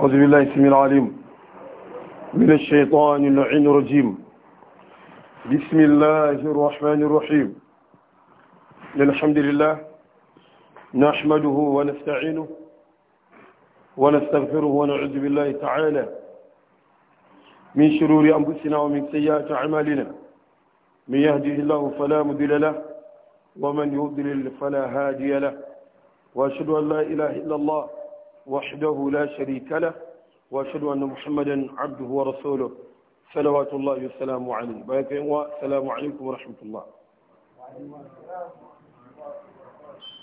أعوذ بالله اسم العليم من الشيطان اللعين الرجيم بسم الله الرحمن الرحيم الحمد لله نحمده ونستعينه ونستغفره ونعوذ بالله تعالى من شرور أنفسنا ومن سيئات أعمالنا من يهده الله فلا مضل له ومن يضلل فلا هادي له وأشهد أن لا إله إلا الله وحده لا شريك له وأشهد أن محمدا عبده ورسوله صلوات الله وسلامه عليه بارك الله عليكم ورحمة الله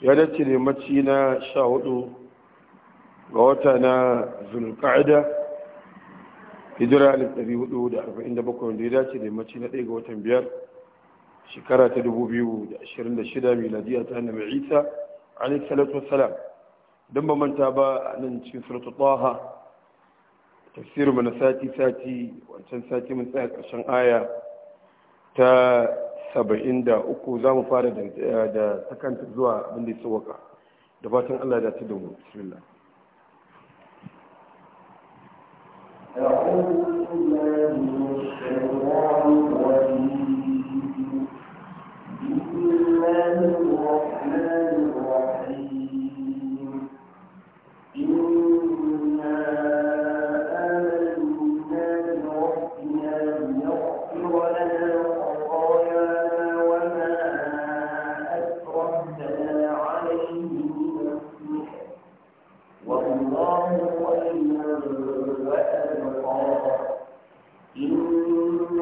يا رجل متينا شاهد غوتنا ذو القعدة هجرة للنبي ودود أربعين بكون يا رجل متينا ديغو تنبير شكرا تدبو بيو شرنا شدامي لديه تهنم عيسى عليه الصلاة والسلام don ba manta ba nan cikin suratu taha tafsirin mana sati-sati wancan sati mun tsaya ƙarshen aya ta saba'in da uku za mu fara da sakanta zuwa abinda ya sauwaka da fatan allah da ta da mu bismillah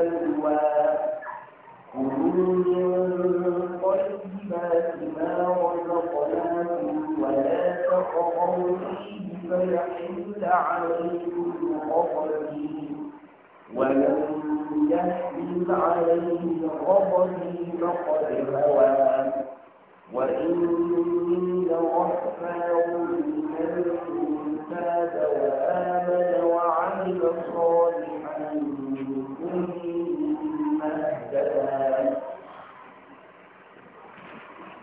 البلوى كلوا من طيبات ما رزقناكم ولا تطغوا فيه فيحل عليكم غضبي ومن يحل عليه غضبي فقد هوى وإني لغفار لمن تاب وآمن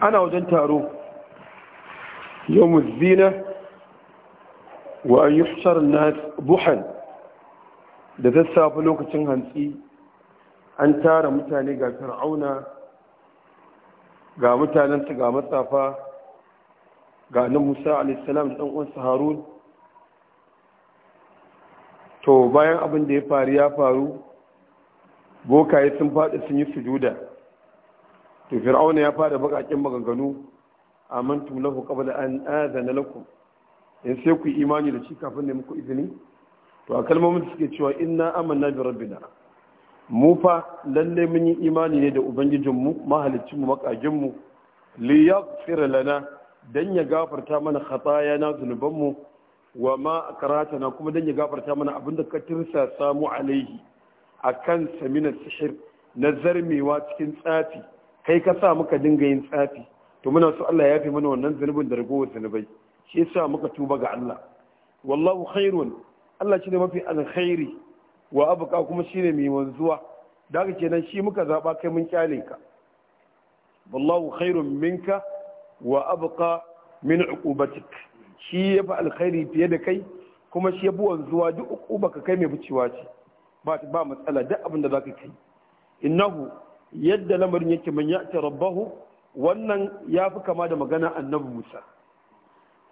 ana wajen taro yau zina wa an yushar na buhan da safi lokacin hantsi an tara mutane ga fir'auna ga mutanensu ga matsafa ga nan musa alisalam da uwansa harun to bayan abin da ya faru ya faru bokaye sun faɗi sun yi sujuda to fir'auna ya fara bakakin maganganu amantu lahu qabla an adana lakum in sai ku imani da shi kafin ne muku izini to a kalmomin da suke cewa inna amanna bi rabbina mu fa lalle mun yi imani ne da ubangijinmu mahalicinmu makaginmu li yaghfir lana dan ya gafarta mana khatayana mu wa ma karatana kuma dan ya gafarta mana abinda ka tirsa samu alaihi akan samina sihir na zarmewa cikin tsafi kai ka sa muka dinga yin tsafi to muna so Allah ya fi mana wannan zunubin da ragowar zunubai shi yasa muka tuba ga Allah wallahu khairun Allah shine mafi alkhairi wa abuka kuma shine mai wanzuwa daga kenan shi muka zaba kai mun kyale ka wallahu khairun minka wa abqa min uqubatik shi yafi alkhairi fiye da kai kuma shi yafi wanzuwa duk uqubaka ka kai mai bucewa ce ba ba matsala duk abinda da zaka kai innahu yadda lamarin yake man ya ta rabbahu wannan ya fi kama da magana annabi musa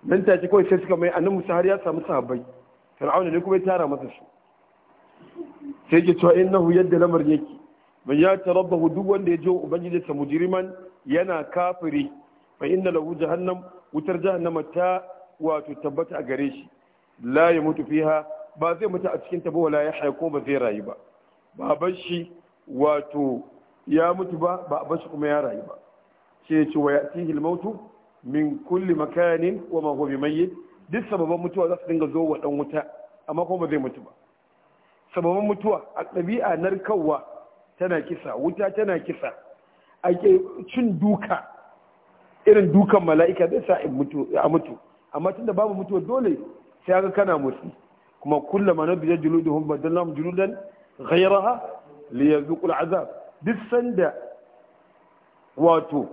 nan ta ce kawai sai suka mai annabi musa har ya samu sahabbai fir'auna ne kuma ya tara masa su sai ke cewa innahu yadda lamarin yake man ya ta rabbahu duk wanda ya je ubangiji sa mujriman yana kafiri fa inna lahu jahannam wutar jahannama ta wato tabbata a gare shi la ya mutu fiha ba zai mutu a cikin tabo wala ya haiko ba zai rayu ba baban shi wato ya mutu ba ba a bashi kuma ya rayu ba sai ya ce wa ya'tihi al min kulli makanin wa ma huwa bimayyit duk sababan mutuwa za su dinga zo wa dan wuta amma kuma ba zai mutu ba sababan mutuwa a ɗabi'a narkarwa tana kisa wuta tana kisa ake cin duka irin dukan mala'ika zai sa a mutu amma tunda babu mutuwa dole sai ga kana musu. kuma kullama na biyar juluduhum badalnahum juludan ghayraha liyazuqul azab duk sanda wato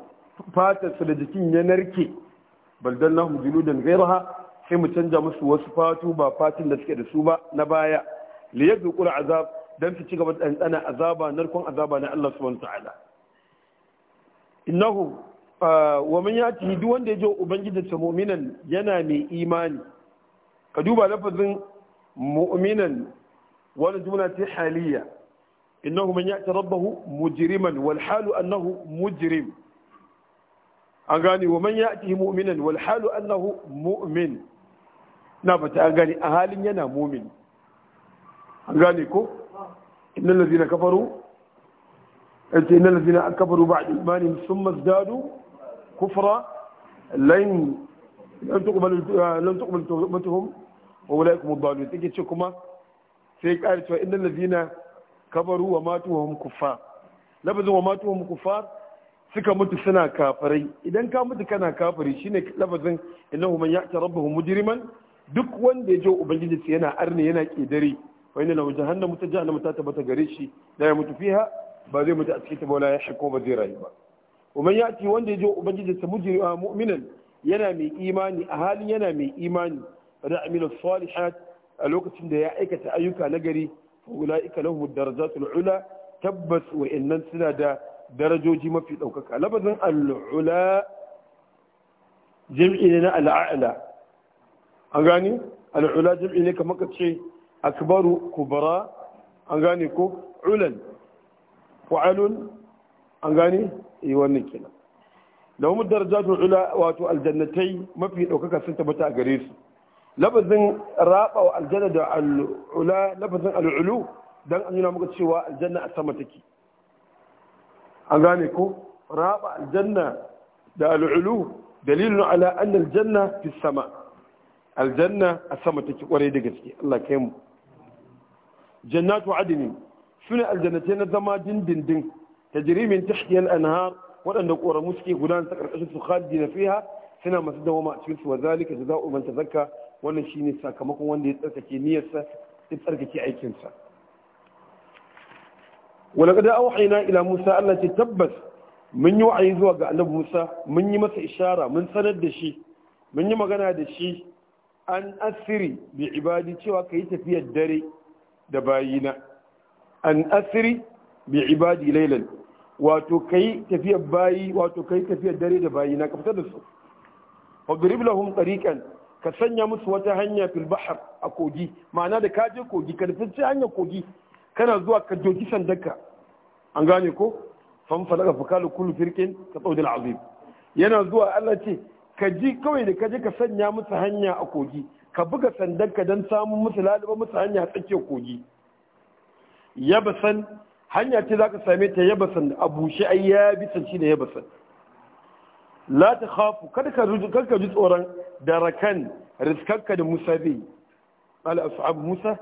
fatarsa da jikin ya narke baldan na hujjulu da gairaha sai mu canja musu wasu fatu ba fatin da suke da su ba na baya li ya zuƙura azab don su ci gaba da ɗanɗana azaba narkon azaba na Allah subhanahu ta'ala innahu ah, wa man yati duk wanda ya je ubangiji ta mu'minan yana mai imani ka duba lafazin mu'minan wani jumla ta haliya إنه من يأتي ربه مجرما والحال أنه مجرم أغاني ومن يأتيه مؤمنا والحال أنه مؤمن نابت أغاني أهالي ينا مؤمن أغاني كو إن الذين كفروا إن الذين كفروا بعد إيمانهم ثم ازدادوا كفرا لن لن تقبل لن تقبل توبتهم وأولئك هم الضالون تجي تشكما كما في آية إن الذين kabaru wa matu wa kuffar lafazin wa suka mutu suna kafirai idan ka mutu kana kafiri shine lafazin innahu man ya'ti rabbahu mujriman duk wanda ya je ubangiji sai yana arne yana kidare wa inna lahu jahannamu ta jahannamu ta tabbata gare shi da ya mutu fiha ba zai mutu a cikin ta bola ya shako ba zai rayu ba ومن ya وند يجو أبنجد سمجي مؤمنا ينامي إيماني أهالي ينامي إيماني فدع من الصالحات الوقت عند يأيك تأيك نجري ula'ika lahu darajatu ula tabbas innan suna da darajoji mafi ɗaukaka labazin al'ula jam'i ne na al'a'la an gani al'ula jam'i ne kamar ka ce akbaru kubara an gani ko ulan fa'alun an gani yi wannan kenan da darajatu darajatul ula wato aljannatai mafi ɗaukaka sun tabbata a gare su lafazin raba wa aljanna da al'ula lafazin al'ulu don an yi muka cewa aljanna a sama take an gane ko raba aljanna da al'ulu dalilin ala anna aljanna fi sama aljanna a sama take kwarai da gaske Allah kai mu jannatu adnin sune aljannatai na zama dindindin tajri min al-anhar wadanda ƙoramu suke gudana ta ƙarƙashin su khalidina fiha suna masu dawama a cikin su wa zalika jazaa'u man tazakka wannan shi ne sakamakon wanda ya tsarkake niyyarsa ya tsarkake aikinsa ولقد ila Musa? Allah ce tabbas mun yi wa'ayi zuwa ga annabi Musa mun yi masa ishara mun sanar da shi mun yi magana da shi an asiri bi ibadi cewa ka yi tafiyar dare da bayina an asiri bi ibadi lailan wato ka yi tafiyar bayi wato ka yi tafiyar dare da bayina ka fitar da su fadrib lahum tariqan ka sanya musu wata hanya fil bahar a kogi ma'ana da ka je kogi ka nufi hanyar kogi kana zuwa ka doki sandarka an gane ko fan falaka fa kalu kullu firqin ka tsawdil azim yana zuwa Allah ce ka ji kawai da ka je ka sanya musu hanya a kogi ka buga sandarka dan samun musu laluba musu hanya a tsakiyar kogi yabasan hanya ce zaka same ta yabasan a bushe ai ya bisa shi ne yabasan la ta khafu kada ka ji tsoron Darakan, rakan da musa zai qala ashab musa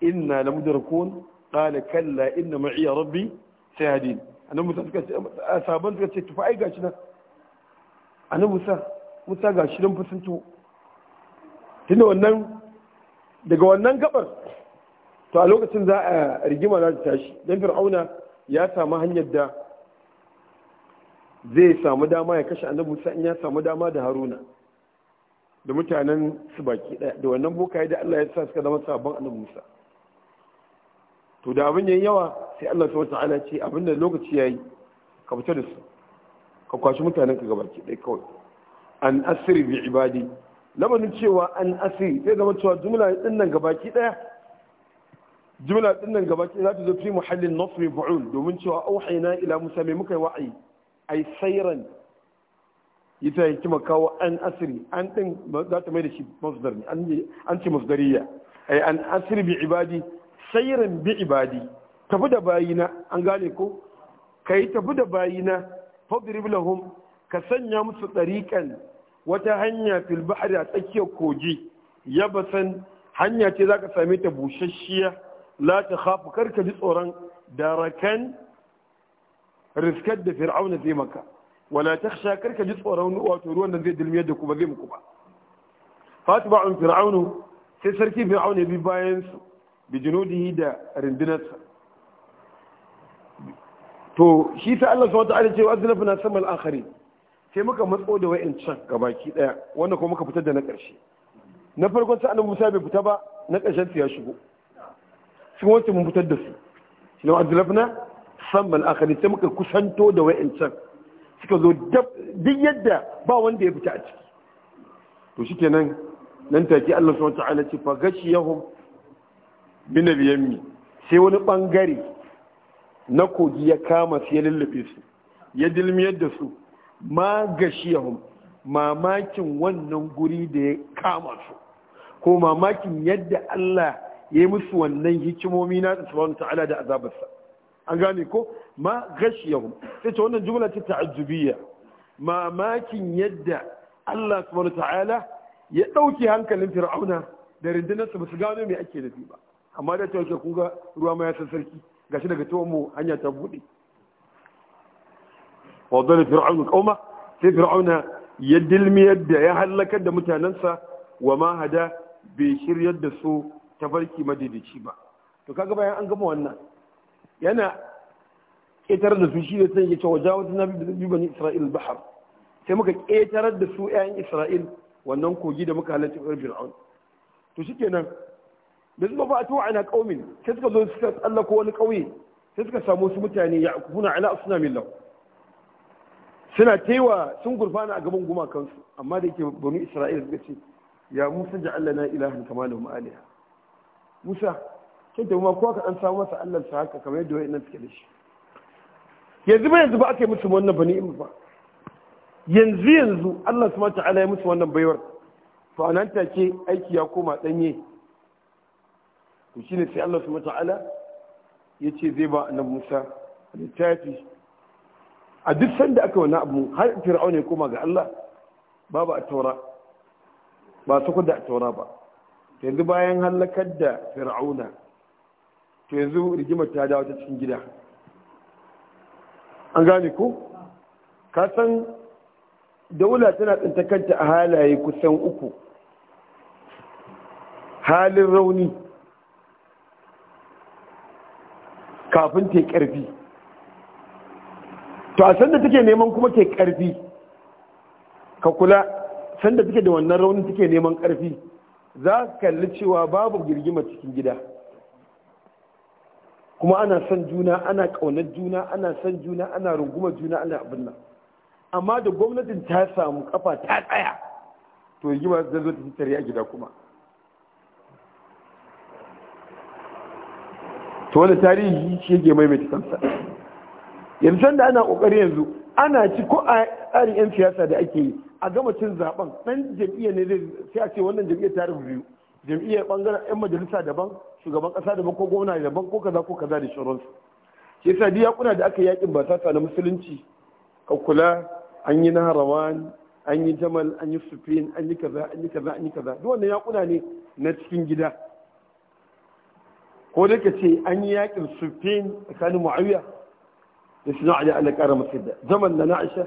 inna lamudrakun qala kalla inna ma'iya rabbi sayadin annabi musa suka ce a sabon suka ce tufa ai gashi nan annabi musa musa gashi nan fusunto tunda wannan daga wannan gabar to a lokacin za a rigima za ta tashi don fir'auna ya samu hanyar da zai samu dama ya kashe annabi musa in ya samu dama da haruna da mutanen su baki ɗaya da wannan bokaye da Allah ya sa suka zama sabon annabi Musa to da abin yayin yawa sai Allah subhanahu wataala ce abin da lokaci yayi ka fita da su ka kwashi mutanen ka gabaki daya kawai an asiri bi ibadi lamarin cewa an asiri sai zama cewa jumla din nan gabaki ɗaya jumla din nan gabaki za ta zo fi muhallin nasbi bu'ul domin cewa auhayna ila musa mai muka yi wa'ayi ay sayran yasa ya kima kawo an asiri an din za ta mai da shi masdar ne an ce masdariya ai an asiri bi ibadi sayran bi ibadi tafi da bayina an gane ko kai tafi da bayina fadrib lahum ka sanya musu tsarikan wata hanya fil bahri a tsakiyar koji yabasan hanya ce zaka same ta bushashshiya la ta khafu karka ji tsoron darakan riskar da fir'auna zai maka wala takhsha karka ji tsoron wato ruwan da zai dilmiyar da ku ba zai muku ba fatba'un fir'aunu sai sarki fir'aunu ya bi bayan su bi junudihi da rindinarsa to shi ta Allah subhanahu wa ta'ala ce wa aznafna sama al-akhari sai muka matso da can gabaki daya wanda kuma muka fitar da na karshe na farkon sa annabi Musa bai fita ba na karshen su ya shigo sun wancan mun fitar da su shi ne wa aznafna sama al-akhari sai muka kusanto da can suka zo duk yadda ba wanda ya fita a ciki to shi ke nan nan take Allah subhanahu ce fa gashiyahum min al sai wani bangare na kogi ya kama su ya lullufe su ya dilmiyar da su ma yahu, mamakin wannan guri da ya kama su ko mamakin yadda Allah ya yi musu wannan hikimomi na subhanahu Ta'ala da azabarsa an gane ko ma gashiyahum sai ta wannan jumla ta ta'ajjubiyya mamakin yadda Allah subhanahu ta'ala ya dauki hankalin fir'auna da rundunar su su gano me ake nufi ba amma da ta wuce ruwa ma ya san sarki gashi daga tuwon mu hanya ta bude wa dalla fir'auna kauma sai fir'auna ya dilmi da ya halakar da mutanansa wa ma hada bai shiryar da su tafarki madidici ba to kaga bayan an gama wannan yana ƙetar da su shi da sai ya ce wajen da na biyu bani isra'il bahar sai muka ƙetarar da su 'ya'yan isra'il wannan kogi da muka halarci ƙarfi fir'aun to shi ke nan, da su a tuwa ana ƙaumin sai suka zo suka tsallako wani ƙauye sai suka samu wasu mutane ya kuna ala suna min suna taiwa sun gurfana a gaban gumakansu amma da yake bani isra'il suka ce ya musa ja'alna ilahan kama lahum aliha musa sai da kuma ko ka an samu masa Allah sa haka kamar yadda wayannan suke da shi yanzu ba yanzu ba aka yi musu wannan bani in ba yanzu yanzu Allah subhanahu ta'ala ya musu wannan baiwar to anan take aiki ya koma danye to shine sai Allah subhanahu ta'ala yace zai ba annabi Musa littafi a duk sanda aka wani abu har fir'auna ya koma ga Allah babu a taura ba su da a taura ba yanzu bayan hallakar da fir'auna to yanzu rigimar ta dawo ta cikin gida an gane ko ka san daula tana tsinta kanta a halaye kusan uku halin rauni kafin ta karfi to a sanda take neman kuma ke karfi ka kula sanda take da wannan raunin take neman karfi za ka kalli cewa babu girgima cikin gida kuma ana son juna ana ƙaunar juna ana son juna ana rungumar juna ana abin nan amma da gwamnatin ta samu kafa ta tsaya to yi ba zai zo ta tare a gida kuma to wani tarihi shi yake maimaita kansa yanzu da ana kokari yanzu ana ci ko a tsarin yan siyasa da ake yi a gama cin zaben dan jam'iyya ne zai sai a ce wannan jam'iyyar ta rubu biyu jam'iyyar bangaren yan majalisa daban shugaban kasa daban ko gwamna daban ko kaza ko kaza da shirinsu shi yasa biya yakuna da aka yakin ba ta na musulunci ka kula an yi narawan an yi jamal an yi sufin an yi kaza an yi kaza an yi kaza duk wannan yakuna ne na cikin gida ko da ka ce an yi yakin sufin tsakanin muawiya da sinu ali ala kara masjid jamal na na'isha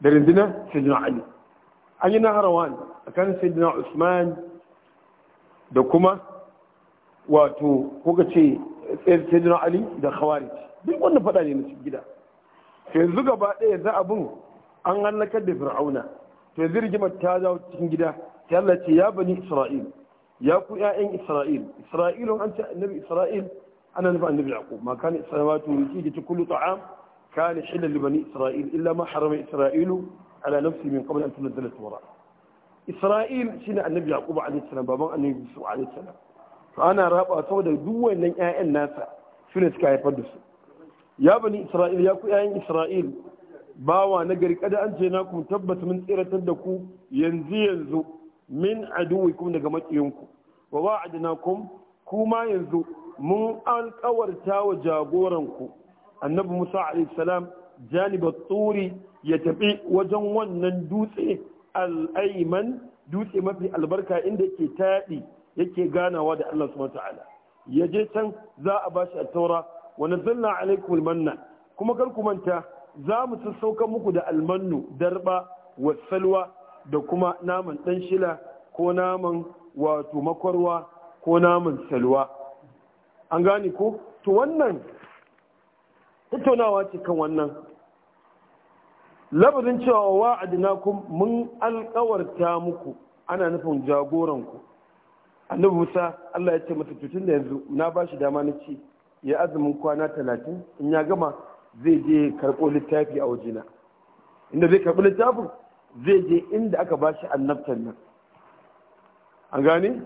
da rindina sinu ali an yi narawan tsakanin sayyidina usman da kuma wato kuka ce eh, sayyidina ali da khawarij duk wannan fada ne na cikin gida to yanzu gaba ɗaya yanzu abun an hallakar da fir'auna to yanzu rigimar ta dawo cikin gida ta Allah ce ya bani isra'il ya ku ƴaƴan isra'il isra'ilun an ce annabi isra'il ana nufin annabi yaqub ma kana isra'ilatu yake kullu ta'am كان حلا لبني إسرائيل إلا ما حرم إسرائيل على نفسه من قبل أن تنزل التوراة إسرائيل شنو annabi Yaqub عليه السلام baban annabi Yusuf عليه السلام ana raba saboda duk wannan ƴaƴan nasa su ne suka haifar da su ya bani isra'il ya ku ƴaƴan isra'il bawa na gari kada an ce na ku tabbata mun tsiratar da ku yanzu yanzu min aduwikum daga makiyinku wa wa'adnakum kuma yanzu mun alƙawarta wa jagoranku annabi Musa alayhi salam janibat turi ya tafi wajen wannan dutse al-ayman dutse mafi albarka inda ke taɗi yake ganawa da Allah subhanahu ta'ala ya je can za a bashi at-taura wa nazzalna alaikumul manna kuma kar ku manta za mu sassauka muku da almannu darba wa salwa da kuma naman dan shila ko naman wato makwarwa ko naman salwa an gane ko to wannan tattaunawa ce kan wannan labarin cewa wa'adnakum mun alkawarta muku ana nufin jagoranku annabi musa allah ya ce masa tutun da yanzu na ba shi dama na ci ya azumin kwana talatin in ya gama zai je karɓo littafi a wajena inda zai karɓi littafin zai je inda aka ba shi annabtan nan an gane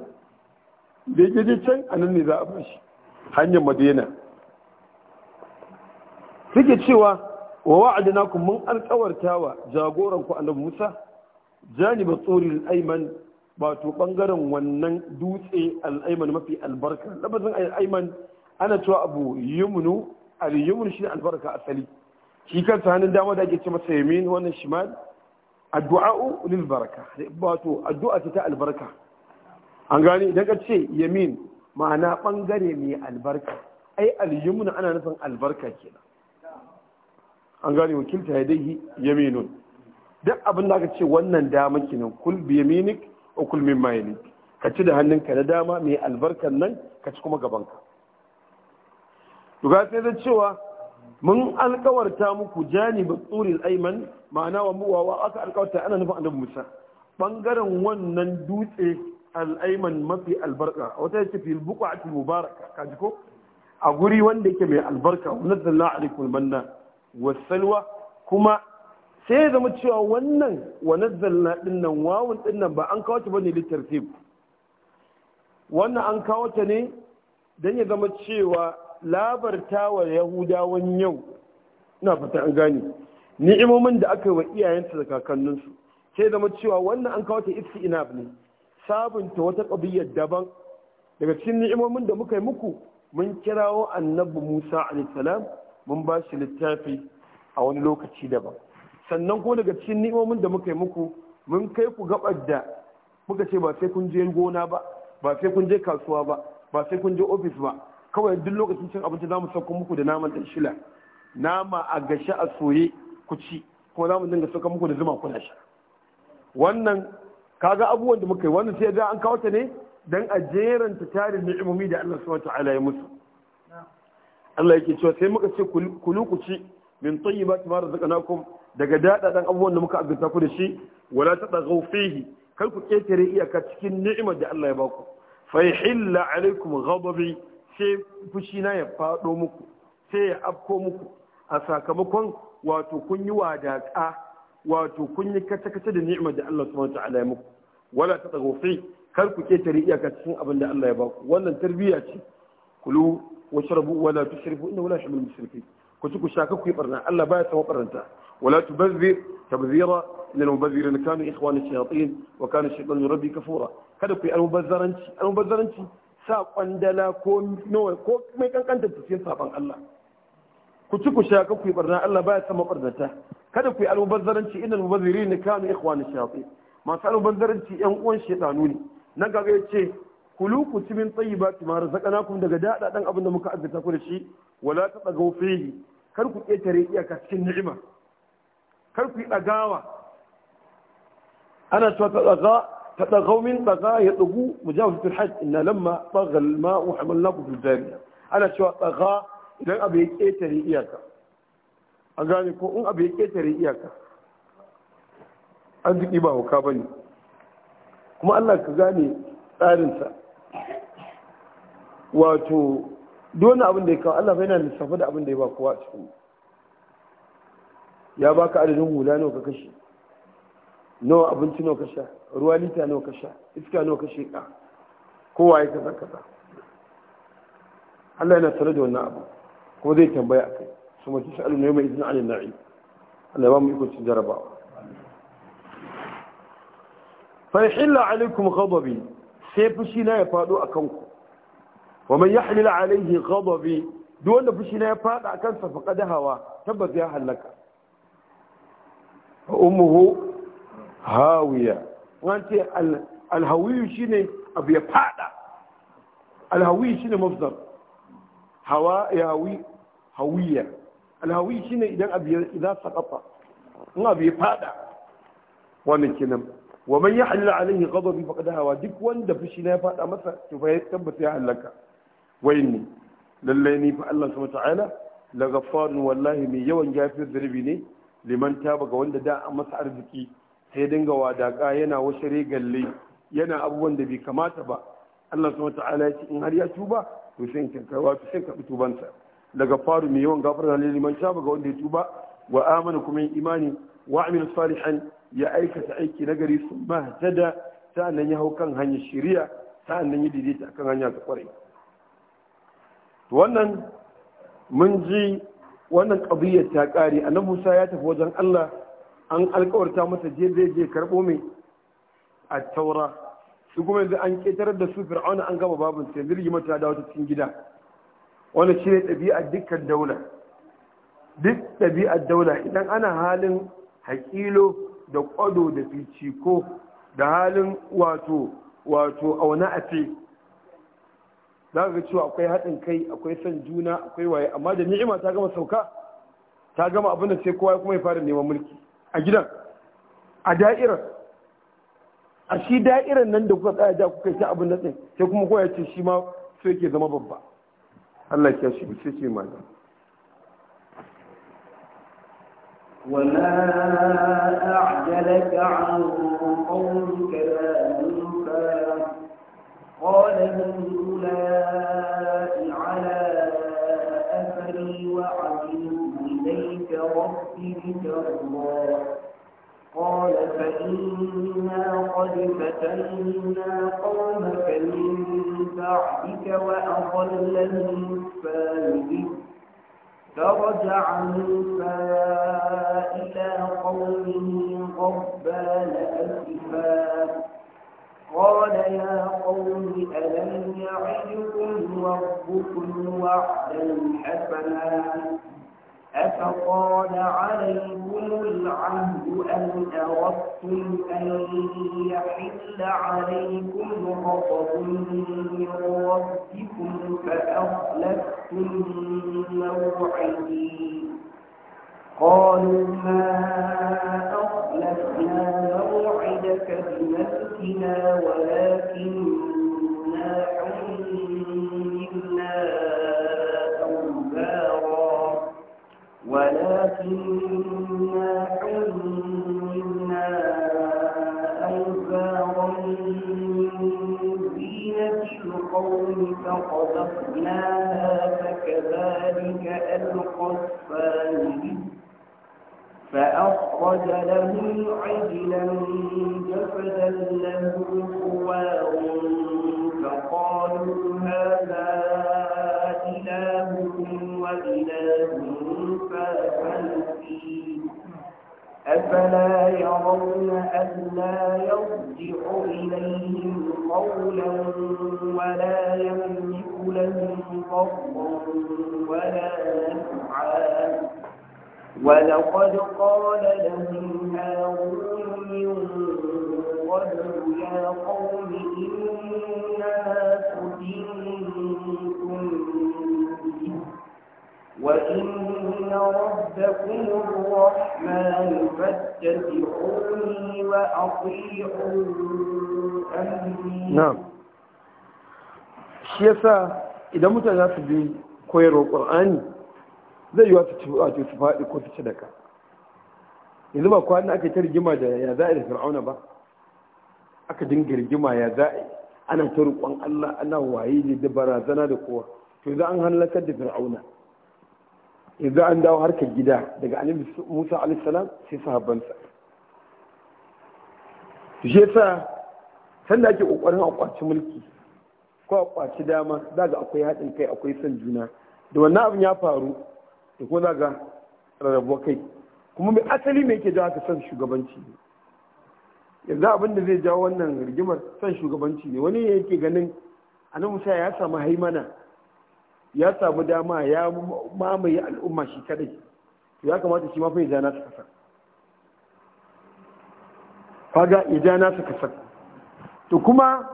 da ya je can a nan ne za a ba shi hanyar madina suke cewa wa wa'adina kun mun alƙawarta wa jagoranku annabi musa janibar tsorin aiman wato bangaren wannan dutse al'aiman mafi albarka lafazin al'aiman ana cewa abu yumnu al-yumnu shi albarka asali shi kansa hannun dama da ake ce masa yamin wannan shimal addu'a'u lil baraka wato addu'a ce ta albarka an gane idan ka ce yamin ma'ana bangare mai albarka ai al-yumnu ana nufin albarka kenan an gane wakilta yadayhi yaminun duk abin da aka ce wannan dama kenan kul bi yaminik ukul min ka ci da hannunka na dama mai albarkan nan ka ci kuma gabanka duka sai da cewa mun alkawarta muku janibin tsuril al'aiman ma'ana wa wa aka alkawarta ana nufin annabi musa bangaren wannan dutse al'aiman mafi albarka a wata yace fil buqatil mubaraka kaji ko a guri wanda yake mai albarka nazzalna alaikum manna wasalwa kuma sai ya zama cewa wannan wa nazzalna dinnan wawun dinnan ba an kawo ta bane litartib wannan an kawo ne dan ya zama cewa labarta wa yahudawan yau ina fata an gane ni'imomin da aka yi wa iyayensu da kakanninsu sai zama cewa wannan an kawo ta isti ne sabunta wata ƙabiyyar daban daga cikin ni'imomin da muka yi muku mun kirawo annabi musa alaihissalam mun ba shi littafi a wani lokaci daban sannan ko daga cikin ni'imomin da muka yi muku mun kai ku gabar da muka ce ba sai kun je gona ba ba sai kun je kasuwa ba ba sai kun je ofis ba kawai duk lokacin cin abinci za mu sauka muku da naman dan shila nama a gashi a soye ku ci kuma za mu dinga sauka muku da zuma kuna sha wannan kaga abubuwan da muka yi wannan sai da an kawo ta ne dan a jeranta tarin ni'imomi da Allah subhanahu wa ta'ala ya musu Allah yake cewa sai muka ce kulu ku ci min tayyibati ma razaqnakum daga daɗaɗen abubuwan da muka azurta ku da shi wala ta ɗagau fihi kar ku ƙetare iyaka cikin ni'imar da Allah ya ba ku fa yahilla alaikum ghadabi sai fushi na ya faɗo muku sai ya afko muku a sakamakon wato kun yi wadaƙa wato kun yi kace-kace da ni'imar da Allah subhanahu ta'ala ya muku wala ta ɗagau fihi kar ku ƙetare iyaka cikin abin da Allah ya ba ku wannan tarbiyya ce kulu washrabu wala tushrifu inna wala yashmul musrifin ku ci ku shaka ku yi barna Allah baya sama barnata ولا تبذر تبذيرا إن كانوا إخوان الشياطين وكان الشيطان ربي كفورا kada ku yi almubazzaranci almubazzaranci sa dala ko nawa ko mai kankanta su cikin saƙon Allah ku ci ku sha ku yi barna Allah baya sama barnata kada ku yi almubazzaranci inna almubazzirin kanu ikhwanu shafi. masu almubazzaranci ƴan uwan shaytanu ne nan kaga yace kulu ku ci min tayyibati ma razaqnakum daga dada dan abin da muka azzata ku da shi wala tatagaw fihi kar ku ƙetare iyaka cikin ni'ima kar ku ɗagawa ana cewa ta ɗaga ta ɗagau min ɗaga ya ɗagu mu ja fitul hajj inna lamma ɗagal ma'u hamalna ku fil jariya ana cewa ɗaga idan abu ya ƙetare iyaka a gane ko in abu ya ƙetare iyaka an jiki ba hauka ba ne kuma allah ka gane tsarinsa wato dole abin da ya kawo allah bai na lissafa da abin da ya ba kowa cikin ya ba ka adadin hula nawa ka kashe nawa abinci nawa ka sha ruwa lita nawa ka sha iska nawa ka sheka kowa ya kaza kaza Allah yana tare da wannan abu kuma zai tambaya a kai su mace shi alu mai izinin alin na'i Allah ba mu iko cin jarabawa fa yahilla alaikum ghadabi sai fushi na ya fado akan ku wa man yahlil alaihi ghadabi duk wanda fushi na ya fada akan sa faqad hawa tabbas ya halaka fa ummuhu hawiya wance alhawiyu ne abu ya fada alhawiyu ne mafdal hawa yawi hawiya alhawiyu ne idan abu ya idan kafa. in abu ya fada wannan kenan wa man yahalla alaihi ghadabi faqad hawa duk wanda fushi na ya fada masa to fa ya tabbata ya halaka ne. Lallai ni fa Allah subhanahu wa ta'ala la ghaffarun wallahi mai yawan gafir zunubi ne liman taba ga wanda da a masa arziki sai dinga wadaka yana wasu regalle yana abubuwan da bai kamata ba Allah subhanahu ta'ala ya ce in har ya tuba to sai in kanka wato sai ka tubansa daga faru mai yawan gafara ne liman taba ga wanda ya tuba wa amana kuma yin imani wa amil salihan ya aikata aiki nagari sun da sa'annan ya hau kan hanyar shari'a sa'annan ya daidaita kan hanya ta kwarai wannan mun ji wannan ƙabiyyar ta ƙare annabi musa ya tafi wajen allah an alkawarta masa je zai je karɓo mai a taura su kuma yanzu an ƙetarar da su fir'auna an gama babin sai zirgi mata dawo ta cikin gida wannan shi ne ɗabi'ar dukkan daula duk ɗabi'ar daula idan ana halin haƙilo da ƙwado da ko da halin wato wato auna a ce za ga cewa akwai haɗin kai akwai son juna akwai waye amma da ni'ima ta gama sauka ta gama abin da sai kowa kuma ya fara neman mulki a gidan a da'irar a shi da'irar nan da kuka tsaya da kuka ta abin nan sai kuma kowa ya ce shi ma so yake zama babba Allah ya shi bice ce ma وما أعجلك عن قومك يا قال هؤلاء على أثري وعزمت إليك رب لترضى قال فإنا قد فتنا قومك من بعدك وأضلهم السامرين فرجع موسى إلى قومه غضبان أسفا قال يا قوم ألم يعدكم ربكم وعدا حسنا أفقال عليكم العهد أن أردتم أن يحل عليكم غضب من ربكم فأخلفتم موعدين قالوا ما أخلفنا موعدك بمسكنا ولكننا حملنا أوبارا ولكننا حملنا أوبارا من زينة القوم فقذفناها فكذلك ألقى الثاني فأخرج له عجلا جسدا له خوار فقالوا هذا إلهكم وإله فأفل أفلا يرون ألا يرجع إليهم قولا ولا يملك لهم ضرا ولا نفعا ولقد قال لهم هارون من قبل يا قوم إنا فتنتم وإن ربكم الرحمن فاتبعوني وأطيعوا أمري نعم shi yasa idan mutane za su bi koyarwar ƙwar'ani zai yiwa wato su faɗi ko su sadaka yanzu ba kwanan aka ta rigima da ya za'i da fir'auna ba aka dinga rigima ya za'i ana ta rukon Allah ana waye ne da barazana da kowa to za an halakar da fir'auna yanzu an dawo harkar gida daga annabi Musa alaihi salam sai sahabbansa to shi yasa sanda ake kokarin a kwaci mulki ko a kwaci dama ga akwai haɗin kai akwai son juna da wannan abin ya faru da ko za ga rarrabuwa kai kuma mai asali mai ke jawo ka san shugabanci yanzu abin da zai jawo wannan rigimar san shugabanci ne wani yake ganin anan musa ya samu haimana ya samu dama ya mamaye al'umma shi kadai ya kamata shi mafi ya su kasar faga ya ja su kasar to kuma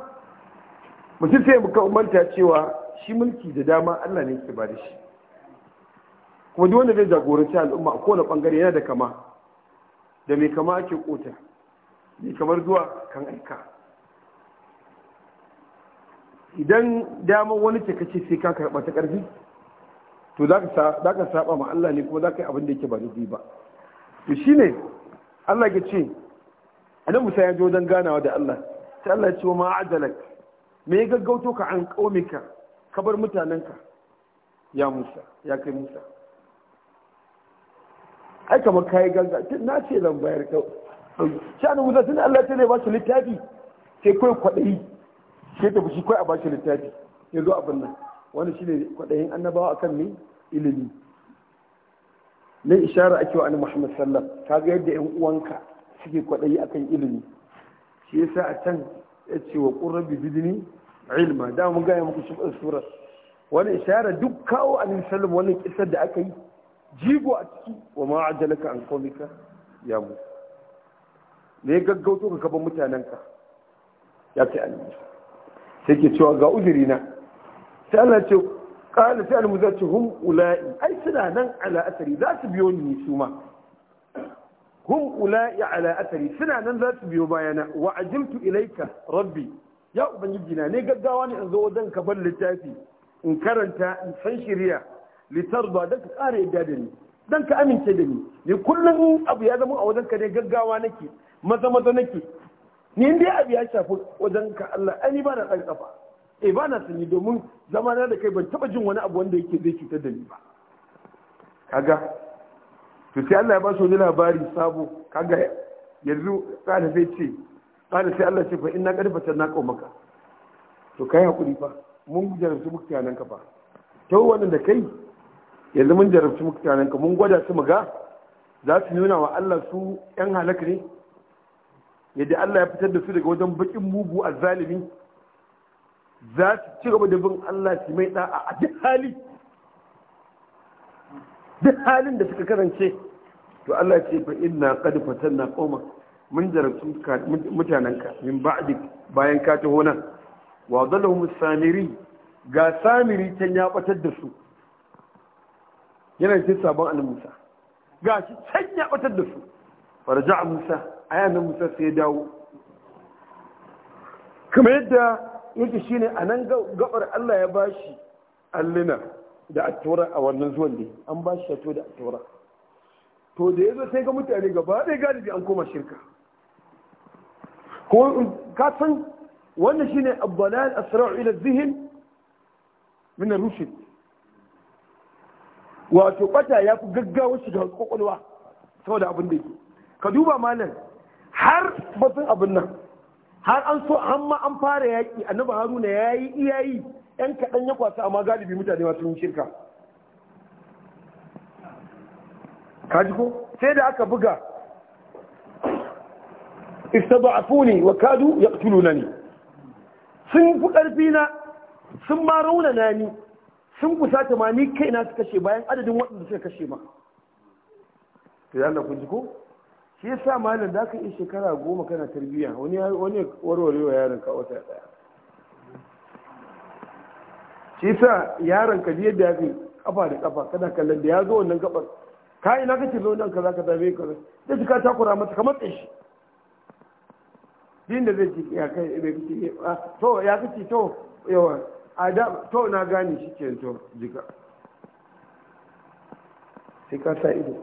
mutum sai muka umarta cewa shi mulki da dama allah ne ke ba da shi kuma duk wanda zai jagoranci al'umma a kowane bangare yana da kama da mai kama ake kota mai kamar zuwa kan aika idan damar wani ce sai ka karɓa ta ƙarfi to za ka saba ma Allah ne kuma za ka yi abin da yake ba da ba to shi ne Allah ya ce annabi Musa ya zo wajen ganawa da Allah sai Allah ya ce wa ma'adalak me ya gaggauto ka an qaumika ka bar mutanenka ya Musa ya kai Musa ai kamar kayi ganga tun na ce zan bayar ka shanu musa tun Allah ce ne ba shi littafi sai kai kwaɗayi sai tafi shi kai a ba shi littafi ya zo abin nan wani shi ne kwaɗayin annabawa akan ne ilimi na ishara ake wa muhammad sallam ka ga yadda yan uwanka suke kwaɗayi akan ilimi shi yasa a can ya ce wa ƙurrabi bidini ilma da mun gaya muku shi sura. wani ishara duk kawo annabi sallam wani kisa da aka yi Jibo a ciki wa ma ajalaka an qawmika ya mu ne gaggauto ka kaban mutanenka ya ce annabi sai ke cewa ga uzuri na sai Allah ce qala sai annabi zai ce hum ula'i ai suna nan ala asari za su biyo ni su ma hum ula'i ala asari suna nan za su biyo bayana wa ajiltu ilaika rabbi ya ubangiji na ne gaggawa ne in zo wajen ka ban littafi in karanta in san shari'a litar ba don ka ƙara yadda da ni don ka amince da ni ni kullum abu ya zama a wajen ka ne gaggawa nake maza maza nake ni inda abu ya shafi wajen ka Allah ai ni ba na ɗan ƙafa eh ba na sani domin zama na da kai ban taɓa jin wani abu wanda yake zai cutar da ni ba kaga to sai Allah ya ba shi wani labari sabo kaga yanzu kana sai ce kana sai Allah ce fa inna qad na qaumaka to kai hakuri fa mun jarabtu mutanen nan ka fa to wannan da kai yanzu mun jarabci mutanen ka mun gwada su mu ga za su nuna wa Allah su ƴan halaka ne yadda Allah ya fitar da su daga wajen bakin mugu a zalimi za su ci gaba da bin Allah su mai da'a a duk hali duk halin da suka karance to Allah ce fa inna qad fatanna qauma mun jarabci mutanen ka min ba'dik bayan ka taho nan wa dallahum samiri ga samiri can ya batar da su yana cikin sabon annabi Musa ga shi can ya batar da su farja Musa aya nan Musa sai ya dawo kuma yadda yake shine anan gabar Allah ya bashi allina da attura a wannan zuwan ne an bashi shato da attura to da yazo sai ga mutane gaba ɗaya galibi an koma shirka ko ka san wannan shine abdalal asra'u ila zihin min ar-rushd wato bata ya fi gaggawa shiga kwakwalwa saboda abin da yake ka duba malam har batun abin nan har an so an ma an fara yaƙi annabi haruna ya yi iyayi yan kaɗan ya kwasa amma galibi mutane masu yin shirka Ka ji ko sai da aka buga istada'afuni wa kadu ne. sun fi ƙarfi na sun ma raunana ni sun kusa ta ma ni kaina su kashe bayan adadin waɗanda suka kashe ma to ya Allah kun ji ko shi yasa malam da ka yi shekara goma kana tarbiyya wani wani wa yaron ka wata ɗaya. shi yasa yaron ka biyar da yake kafa da kafa kana kallon da ya zo wannan gabar ka ina kace zo nan kaza ka dame ka da shi ka takura mata kamar tsaye din da zai ci ya kai bai kici to ya kici to yawa adam to na gane shi ke to jika sai ka sa ido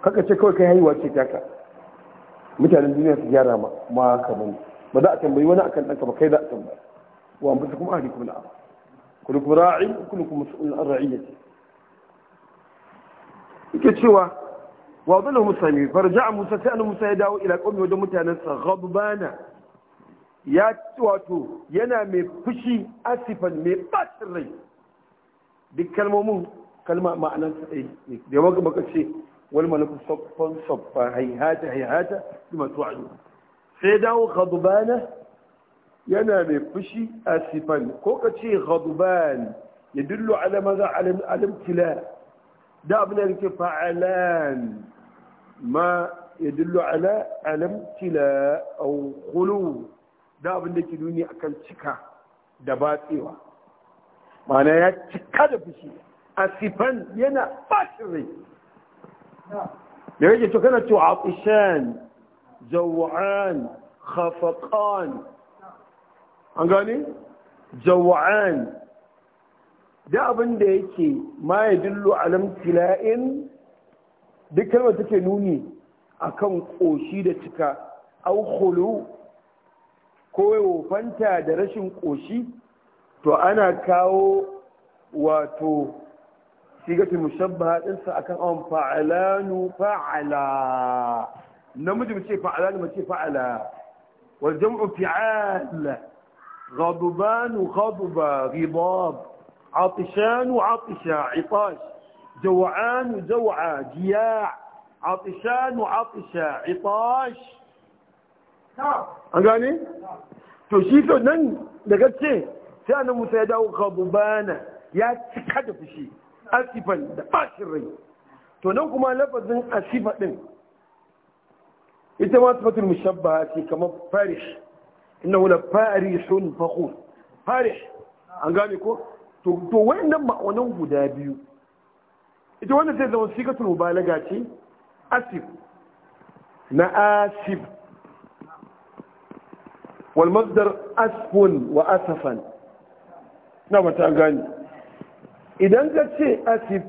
kaka ce kawai kai haihuwa ce taka mutanen duniya su gyara ma ma ka bane ba za a tambayi wani akan ɗanka ba kai za a tambaya wa an fita kuma ahli kuma na'a ra'ayi ra'i kuma mas'ulun an ra'iyyati yake cewa wa dalla musa ne farja'a musa sai an musa ya dawo ila qaumi wajen mutanen sa ghadbana ya wato yana mai fushi asifan mai bacin rai duk kalmomin kalma ma'anar ta ɗaya ne da yawa gaba ce wal malaku saffan saffa haihata haihata bima tu'adu sai dawo ghadbana yana mai fushi asifan ko ka ce ghadban yadullu ala maza alim tila da abin da yake fa'alan ma yadullu ala alam tila aw qulub da abin da ke nuni akan cika da batsewa mana ya cika da fushi a sifan yana bacin rai da yake to kana to atishan jawa'an khafaqan an gane jawa'an da abin da yake ma ya dillo alamtila'in duk kalmar take nuni akan koshi da cika au khulu ko wofanta da rashin ƙoshi to ana kawo wato sigati mushabbaha ɗinsa akan awon fa'alanu fa'ala namiji mace fa'alanu mace fa'ala wal jam'u fi'al غضبان غضبا غضاب عطشان atisha عطاش جوعان جوعا جياع عطشان عطشا عطاش an gane to shi so nan daga ce sai annabi Musa ya dawo kabubana ya cika da fushi asifan da bashin rai to nan kuma lafazin asifa din ita ma sifatul mushabba ce kamar farish innahu la farishun fakhur farish an gane ko to to wayannan ma'anan guda biyu ita wanda sai zama sigatul mubalaga ce asif na asif wal masdar asfun wa asafan na mata gani idan ka ce asif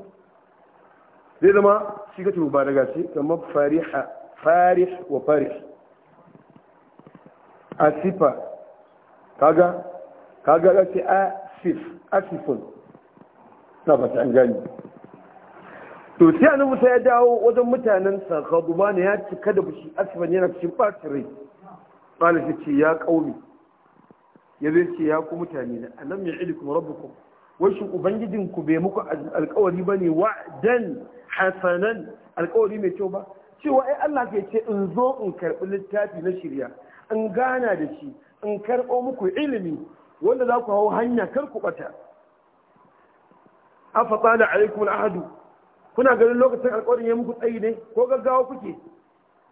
zai zama shi ka ce ba daga ce kamar fariha farish wa farish asifa kaga kaga ka ce asif asifun na mata gani to sai annabi sai ya dawo wajen mutanen sa ne ya cika da bushi asifan yana cikin bacin rai qala ce ya qaumi ya zai ce ya ku mutane na alam ya'idukum rabbukum wasu ubangijinku bai muku alkawari ba ne Dan hasanan alkawari mai kyau ba cewa ai Allah ke ce in zo in karɓi littafi na shirya in gana da shi in karɓo muku ilimi wanda za ku hau hanya kar ku ɓata afa tsala alaikum al'ahadu. kuna ganin lokacin alkawarin ya muku tsayi ne ko gaggawa kuke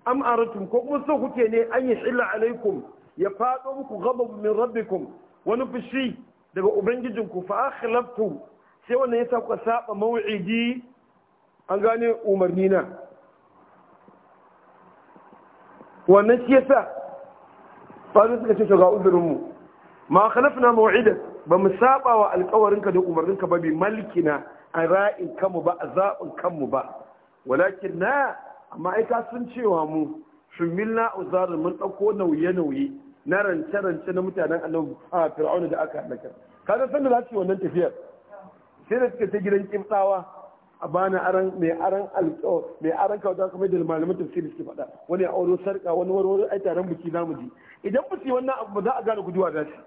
am aratum ko kuma so kuke ne an yi illa alaikum ya faɗo muku ghadab min rabbikum wani fushi daga ubangijinku fa akhlaftum sai wannan yasa kuka saba maw'idi an gane umarni na wannan shi yasa faɗo suka ce ga mu ma khalafna maw'idak ba mu saba wa alƙawarinka da umarninka ba bi malkina a ra'in kanmu ba a zaɓin kanmu ba walakin na amma ai ka sun cewa mu shumilna uzarin mun ɗauko nauye-nauye na rance-rance na mutanen annabi a fir'auna da aka halaka kaga sanda za su yi wannan tafiyar sai da suka ta gidan kiftawa a bana aran mai aran alƙo mai aran kauta kamar da malamin tafsiri suke faɗa wani auro sarka wani warwaro ai taron biki zamu ji idan ba su yi wannan abu ba za a gane guduwa za su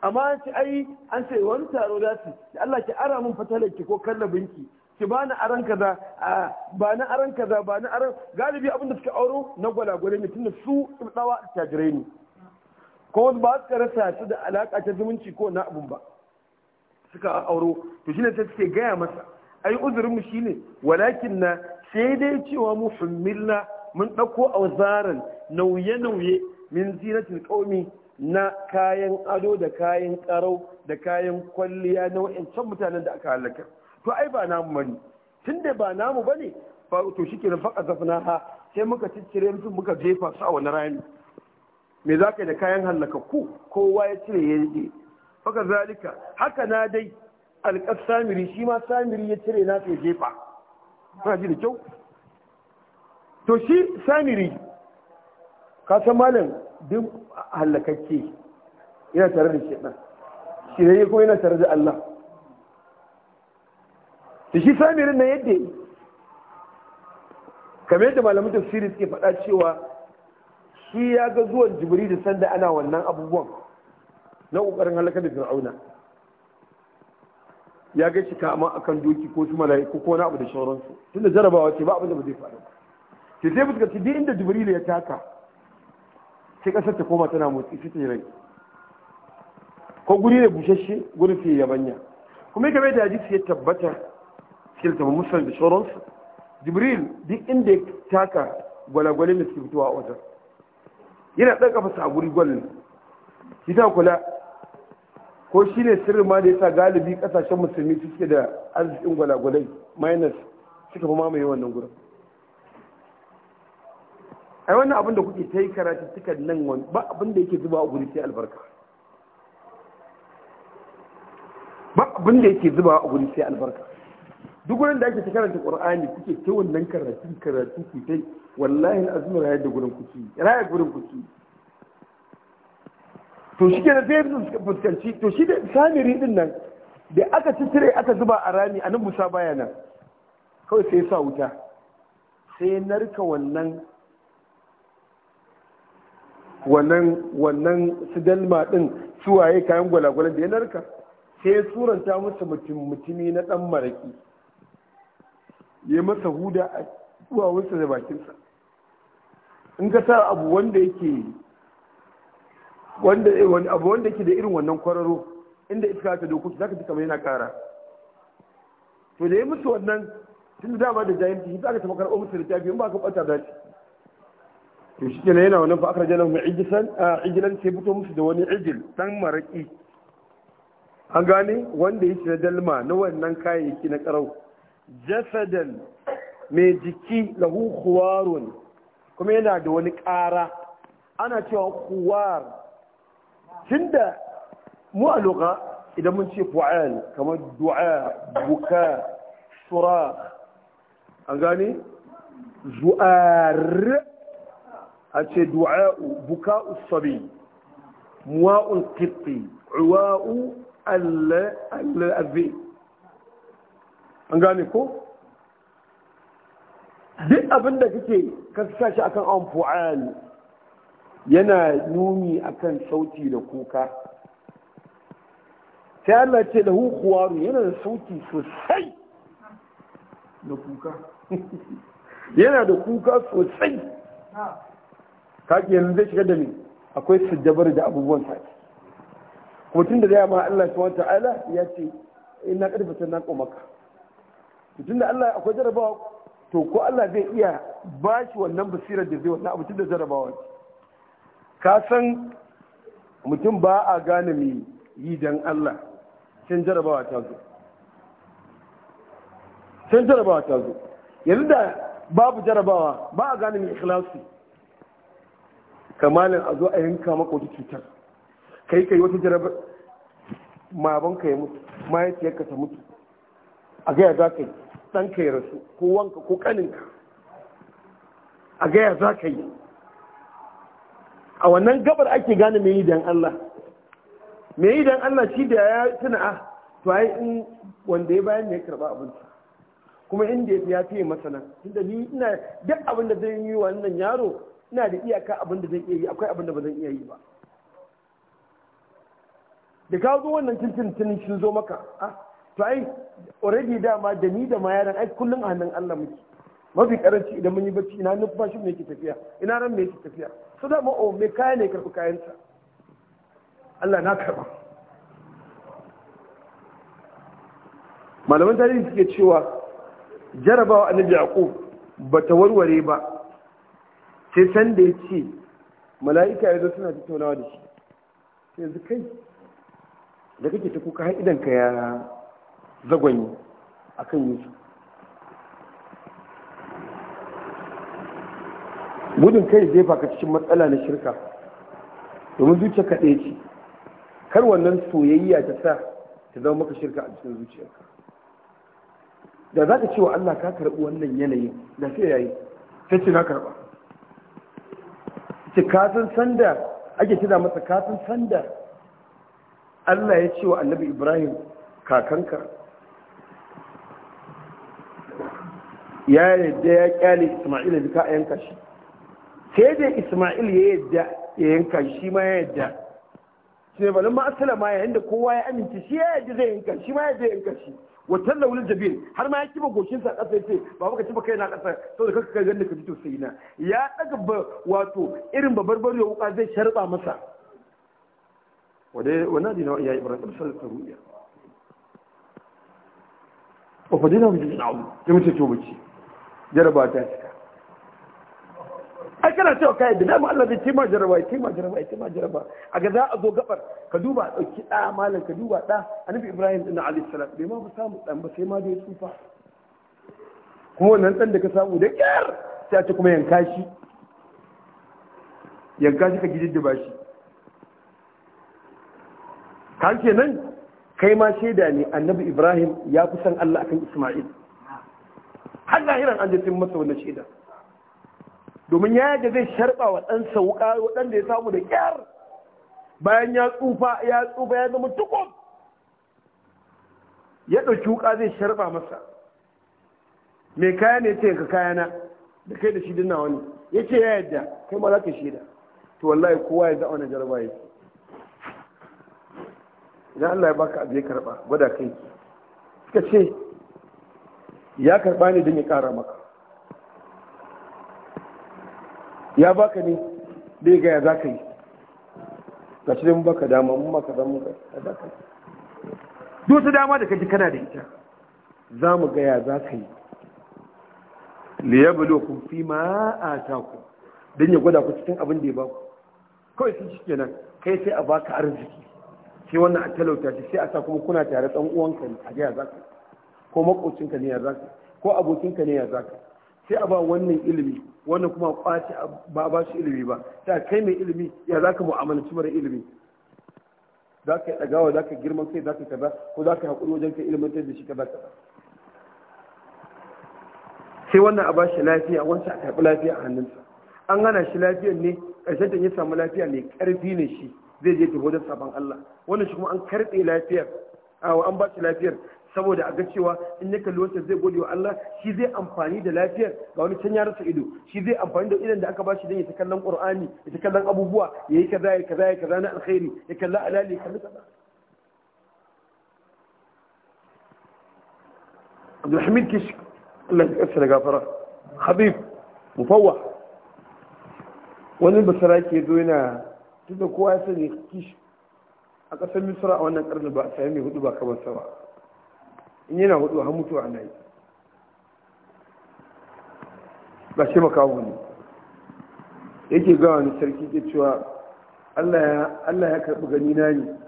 amma an ce ai an ce wani taro za su Allah ki ara mun fatalar ki ko kallabin ki ki bani aran kaza ba na aran kaza ba na aran galibi abin da suka auro na gwalagwale ne tunda su ibdawa tajirai ne ko ba su rasa su da alaka ta zumunci ko na abun ba suka auro to shine ta suke gaya masa ai uzurin mu shine walakin na sai dai cewa mu hummilla mun dauko auzaran nauye nauye min zinatin qaumi na kayan ado da kayan karau da kayan kwalliya na wa'ancan mutanen da aka halaka to ai ba namu bane tunda ba namu bane ba to shikenan fa ha sai muka ciccire mutum muka jefa su a wani rami me za ka yi da kayan hallaka ku kowa ya cire ya yi faka zalika haka na dai alƙas samiri shi ma samiri ya cire na sai jefa kuna ji da kyau to shi samiri ka san malam duk hallakakke yana tare da shi ɗan shi ne kuma yana tare da Allah da shi samirin na yadda yi kamar yadda malamin tafsiri suke faɗa cewa shi ya ga zuwan jibiri da sanda ana wannan abubuwan na ƙoƙarin halakar da fir'auna ya ga shi kama a kan doki ko su mala'iku ko wani abu da shauransu tun da jarabawa ce ba abin da ba zai faru ke sai fuskanci duk inda jibrilu ya taka sai ƙasar ta koma tana motsi sai ta yi rai ko guri ne bushashe gurin fiye yabanya kuma kamar da hadisi ya tabbata cikin ba musulun da shoronsu jibril duk inda ya taka gwalagwale da suke fitowa a wajen yana ɗan kafa a guri gwalin shi ta kula ko shi ne sirrin ma da ya sa galibi ƙasashen musulmi suke da arzikin gwalagwale minus suka fi mamaye wannan gurin ai wannan abin da kuke ta yi karatu suka nan wani ba abin da yake zuba a guri sai albarka ba abin da yake zuba a guri sai albarka duk wurin da ake ta karanta qur'ani kuke ta wannan karatu karatu ku tai wallahi azumi rayar da gurin kuki rayar gurin kuki to shi kenan sai su fuskanci to shi da samiri din nan da aka tire aka zuba a rami a musa baya nan kawai sai sa wuta sai narka wannan wannan wannan sidalma din suwaye kayan gwalagwalan da ya narka sai suranta musu mutum mutumi na dan maraki ya masa huda a duwawunsa da bakinsa in ka sa abu wanda yake wanda eh, abu wanda yake da irin wannan kwararo inda iska ta doku za ka ji kamar yana kara to da ya musu wannan tun da dama da jayanti shi za ka tafi karɓar musu littafi in ba ka ɓata dace to shi kenan yana wannan fa aka rajana mu a ijilan ah, sai fito musu da wani ijil dan maraki an gane wanda yake na dalma na wannan kayayyaki na karau jasadan mai jiki lahu kuwarun kuma yana da wani ƙara ana cewa kuwar tunda mu a loka idan mun ce fu'al kamar du'a buka sura an gane zu'ar a ce du'a buka usabi muwa'un kitti ruwa'u allazi an gane ko duk abin da kake kasa shi akan an fu'al yana nuni akan sauti da kuka sai Allah ce da hukuwaru yana da sauti sosai da kuka yana da kuka sosai kaki yanzu zai shiga da ni akwai sujjabar da abubuwan sati kuma tun da ma Allah ta'ala ya ce ina karfata sannan komaka tun da Allah akwai jarabawa to ko Allah zai iya ba shi wannan basirar da zai wannan abu tun da jarabawa ka san mutum ba a gane mai yi don Allah can jarabawa ta zo can jarabawa ta zo yanzu da babu jarabawa ba a gane mai ikhlasi kamalin a zo a yanka maka wata cutar kai kai wata jaraba ka yi mutu mahaifiyarka ta mutu a gaya za ka yi ɗanka ya rasu ko wanka ko ƙaninka a gaya za ka yi a wannan gabar ake gane mai idan Allah mai idan Allah shi da ya tuna a ah, to ai in wanda ya bayan ya karɓa abinci kuma inda ya fiye masana tunda ni ina duk abin da zai yi wannan yaro ina da iyaka abin da zai iya yi akwai abin da ba zan iya yi ba da ka zo wannan cin cin cin zo maka ah, to ai already dama da ni da mayaran ai kullum a hannun Allah muke mafi karanci idan mun yi bacci ina numfashin me yake tafiya ina ran me yake tafiya so dama o oh, me kaya ne karɓi kayansa Allah na karɓa malaman tarihi suke cewa jarabawa annabi yaqub ta warware ba sai san da ya ce mala'ika ya suna tattaunawa da shi yanzu kai da kake ta kuka har idan ka ya zagwanyi a kan yusuf gudun kai zai faka cikin matsala na shirka domin zuciya kaɗe ce kar wannan soyayya ta sa ta zama maka shirka a cikin zuciyarka da za ka ce wa Allah ka karɓi wannan yanayin da sai yayi sai ce na karɓa ce ka san sanda ake kira masa ka san sanda Allah ya ce wa Annabi Ibrahim kakanka ya yadda ya kyale isma'il da ka yanka shi sai dai isma'il ya yadda ya yanka shi ma ya yadda shi ne balin ma'asala ma yayin da kowa ya amince shi ya yadda zai yanka shi ma ya zai yanka shi watan laulin jabir har ma ya kiba goshin sa kasa yace ba baka kiba kai na kasa saboda kaka kai ganin ka ji tausayi na ya daga wato irin bar ya wuka zai sharba masa wadai wannan dinawa ya ibrahim sallallahu alaihi wasallam wa fadina bi jina'u kuma ce jaraba ta cika ai kana cewa kai da dama Allah zai kima jaraba kima jaraba kima jaraba a ga za a zo gabar ka duba dauki da malam ka duba da annabi Ibrahim din alayhi salam bai ma samu dan ba sai ma da tsufa kuma nan dan da ka samu da kyar sai a ce kuma yanka shi yanka shi ka gididdiba shi ka kenan kai ma shaida ne annabi Ibrahim ya fi san Allah akan Isma'il har lahiran an jefin masa wani shaida domin ya yadda zai sharba wa ɗansa wuƙa waɗanda ya samu da ƙyar bayan ya tsufa ya tsufa ya zama tukun ya ɗauki wuƙa zai sharɓa masa mai kaya ne ce ka kayana da kai da shi dinna wani ya ce ya yadda kai ma za ka shaida to wallahi kowa ya za'a wani ya ce idan Allah ya baka abu ya karɓa gwada kai suka ce ya karba ne don ya ƙara maka ya baka ne da ya gaya za ka yi ga shi mun baka dama mun maka dama za ka yi duk dama da kaji kana da ita za mu gaya za ka yi liyabalo kun fi ma'ata ku don ya gwada ku cikin abin da ya baku kawai sun shi kenan kai sai a baka arziki sai wannan a talauta shi sai a sa kuma kuna tare ɗan uwanka a gaya za ka yi ko makocinka ne ya zaka ko abokinka ne ya zaka sai a ba wannan ilimi wannan kuma kwace ba ba shi ilimi ba ta kai mai ilimi ya zaka mu'amalanci mara ilimi zaka yi dagawa zaka girman kai zaka kaza ko zaka haƙuri wajen ka ilimantar da shi kaza kaza sai wannan a ba shi lafiya wancan a karɓi lafiya a hannunsa an gana shi lafiya ne ƙarshen ta ya samu lafiya mai ƙarfi ne shi zai je ta hodar sabon Allah wannan shi kuma an karɓe lafiyar an ba shi lafiyar saboda a ga cewa in ya kalli wancan zai gode wa Allah shi zai amfani da lafiyar ga wani can ya rasa ido shi zai amfani da idan da aka bashi dan ya kallon Qur'ani ya ta kallon abubuwa ya yi kaza ya kaza ya kaza na alkhairi ya kalla alali ya kalli kaza Abdulhamid Kish Allah ya kasa da gafara Habib Mufawwa wani basara ke zo yana tunda kowa ya sani kish a ƙasar Misra a wannan ƙarni ba a sami mai hudu ba kamar sama. in yana hudu a mutu a nai ba shi makawo ne yake gawa ni sarki ke cewa Allah ya karɓi gani na ne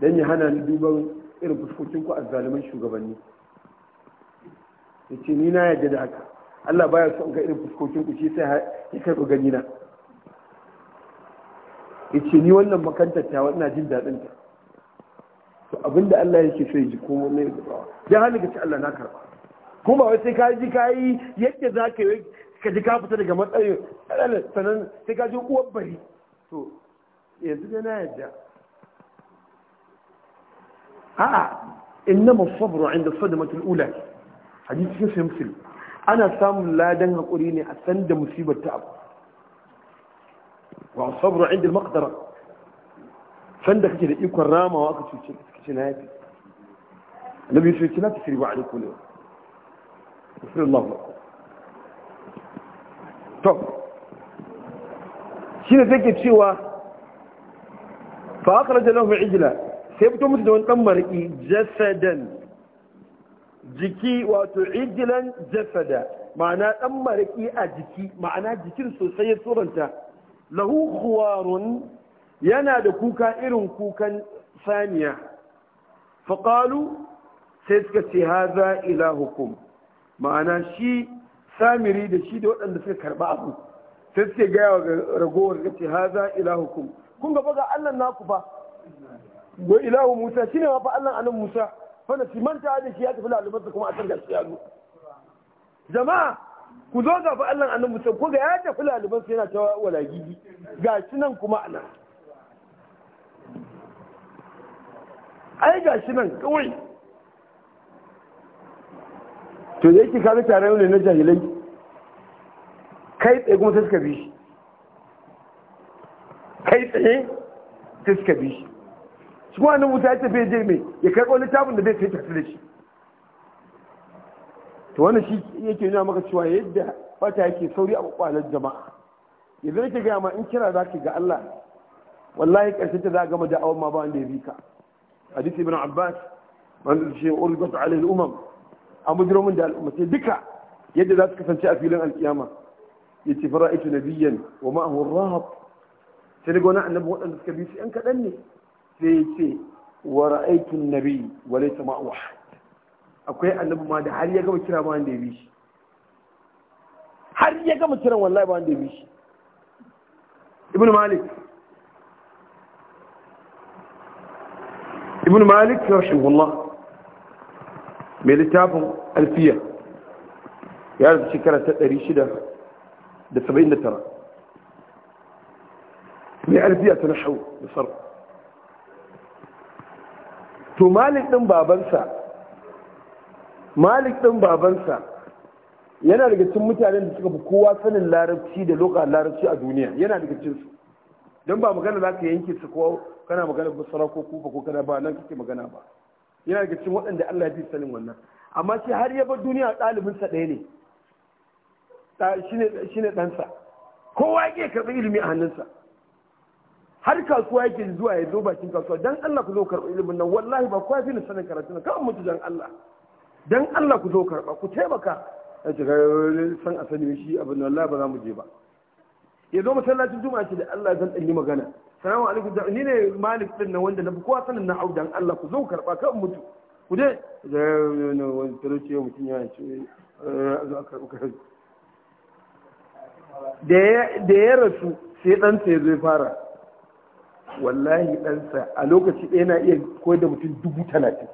don ya hana ni duban irin fuskokin ku a zaluman shugabanni ya ce ni na yadda da haka Allah baya son ga irin fuskokin ku shi sai ya karɓi gani na ya ce ni wannan makantar ta ina jin daɗin ta to abinda Allah yake so ya ji ko ne ya halika ci Allah na karba kuma wai sai ka ji ka yi yadda za ka yi ka ji ka fita daga matsayin sannan sai ka ji uwar bari to yanzu da na yadda a'a inna masabru inda sadamatul ula hadisi sai sai muslim ana samun ladan hakuri ne a sanda musibar ta abu wa sabru inda al-maqdara sanda kake da ikon ramawa aka cuce ka ce na yafi annabi yusuf ya ce la tusribu alaikum al-yawm sallallahu alaihi to shi ne take cewa fa aka rajin lahu ijila sai fito mutu da wani dan mariki jasadan jiki wato ijilan jasada ma'ana dan mariki a jiki ma'ana jikin sosai ya tsoranta lahu khuwarun yana da kuka irin kukan saniya faƙalu sai suka ce haza ilahukum ma'ana shi samiri da shi da waɗanda suka karɓa abu sai suke gaya wa ragowar ga ce haza ilahukum kun gaba ga allah naku ba wa ilahu musa shine ma fa allah anan musa fa na simanta da shi ya tafi lalumarsa kuma a tsarkar su jama'a ku zo ga fa allah anan musa ko ga ya tafi lalumarsa yana ta walagigi ga shi nan kuma anan ai ga shi nan kawai to da yake kaga taron ne na jahilai kai tsaye kuma suka bi shi kai tsaye suka bi shi shi kuma nan wuta ya tafi je jirme ya karɓo littafin da bai kai tafi da shi to wani shi yake nuna maka cewa yadda fata yake sauri a kwakwalar jama'a yanzu yake gaya ma in kira za ki ga Allah wallahi ƙarshen ta za a gama da'awar ma ba wanda ya bi ka hadisi ibn abbas manzo ce urbat alaihi al-umam a mujrimin da al'umma sai duka yadda za su kasance a filin alkiyama yace fara'aitu nabiyyan wa ma'ahu rahab sai daga wani annabi waɗanda suka bi su yan kaɗan ne sai ya wa ra'aitu nabi wa laysa ma'ahu akwai annabi ma da har ya gama kira ba wanda ya bi shi har ya gama kiran wallahi ba wanda ya bi shi ibn malik ibn malik rahimahullah mai littafin alfiya ya rufe shekara ta 679 mai alfiya ta nashau da saru to malik ɗin babansa malik ɗin babansa yana daga cikin mutanen da suka fi kowa sanin larabci da lokacin larabci a duniya yana daga cikinsu don ba magana za ka yanke su ko kana magana basara ko kufa ko kana ba nan kake magana ba yana daga cikin waɗanda Allah ya fi sanin wannan amma shi har ya bar duniya ɗalibin sa ɗaya ne shine ɗansa kowa yake karɓi ilimi a hannunsa har kasuwa yake zuwa ya zo bakin kasuwa dan Allah ku zo karɓi ilimin nan wallahi ba kowa fi sanin karatu nan kawai mutu dan Allah dan Allah ku zo karɓa ku taimaka a cikin san a sani shi abin wallahi ba za mu je ba ya zo masallacin juma'a ce da Allah zan dan yi magana salamu alaikum da ni ne malik din na wanda na kowa sanin na audan Allah ku zo karba kan mutu ku je da wani talauci mutum ya ce eh, zo a karɓi kai da ya rasu sai dan ya zai fara wallahi sa a lokaci ɗaya na iya koyar da mutum dubu talatin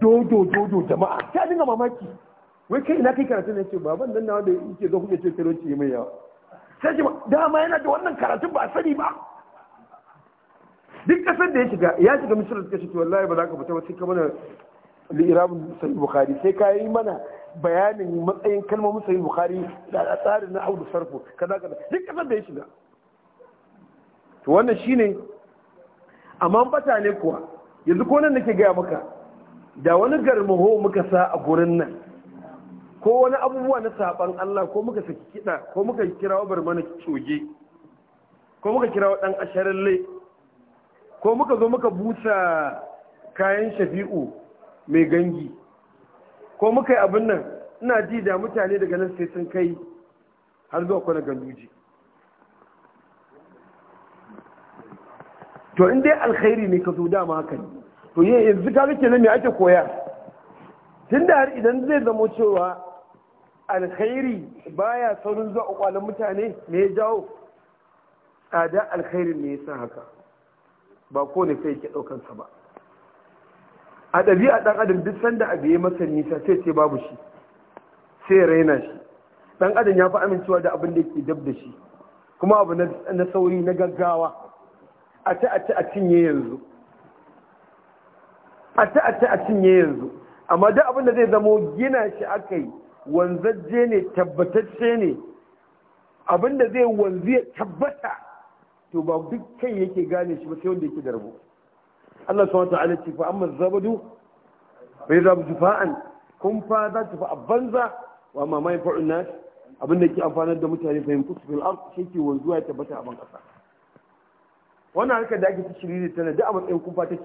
dodo dodo jama'a ta dinga mamaki wai kai ina kai karatu ne ce baban dan nawa da yake zo kuke ce talauci mai yawa sai shi dama yana da wannan karatun ba sani ba duk kasar da ya shiga ya shiga misir da shi wallahi ba za ka fita ba sai ka mana li'irabun sahih bukhari sai ka yi mana bayanin matsayin kalmomin sahih bukhari da tsarin na audu sarfu kaza kaza duk kasar da ya shiga to wannan shine amma bata ne kuwa yanzu ko nan nake gaya maka da wani garmaho muka sa a gurin nan ko wani abubuwa na saɓan Allah ko muka saki kiɗa ko muka kira kirawo barmana coge ko muka kira wa ɗan asharalle ko muka zo muka busa kayan shafi'u mai gangi ko muka yi abin nan ina ji da mutane daga nan sai sun kai har zuwa kwana ganduji to in dai alkhairi ne ka zo dama haka ne to yanzu ka kake nan me ake koya tun da har idan zai zama cewa alkhairi baya saurin zuwa kwakwalen mutane me ya jawo tsada alkhairi ne yasa haka ba ko ne sai ke ɗaukansa ba a ɗabi'a ɗan adam duk sanda abu ya masa nisa sai ce babu shi sai raina shi ɗan adam ya fi amincewa da abin da ke dab da shi kuma abu na sauri na gaggawa a ta a ta a cinye yanzu a ta a ta a cinye yanzu amma duk abin da zai zamo gina shi aka yi wanzajje ne tabbatacce ne abinda zai wanzu ya tabbata to ba duk kai yake gane shi ba sai wanda yake da rabo Allah subhanahu wa ta'ala ce fa amma zabadu fa yazabu jufa'an kun fa za ta fa abanza wa ma mai fa'un nas abinda yake amfanar da mutane fa yankusu fil ard shi ke wanzuwa ya tabbata a ban kasa wannan harkar da ake ta shirye tana da a matsayin kun fa take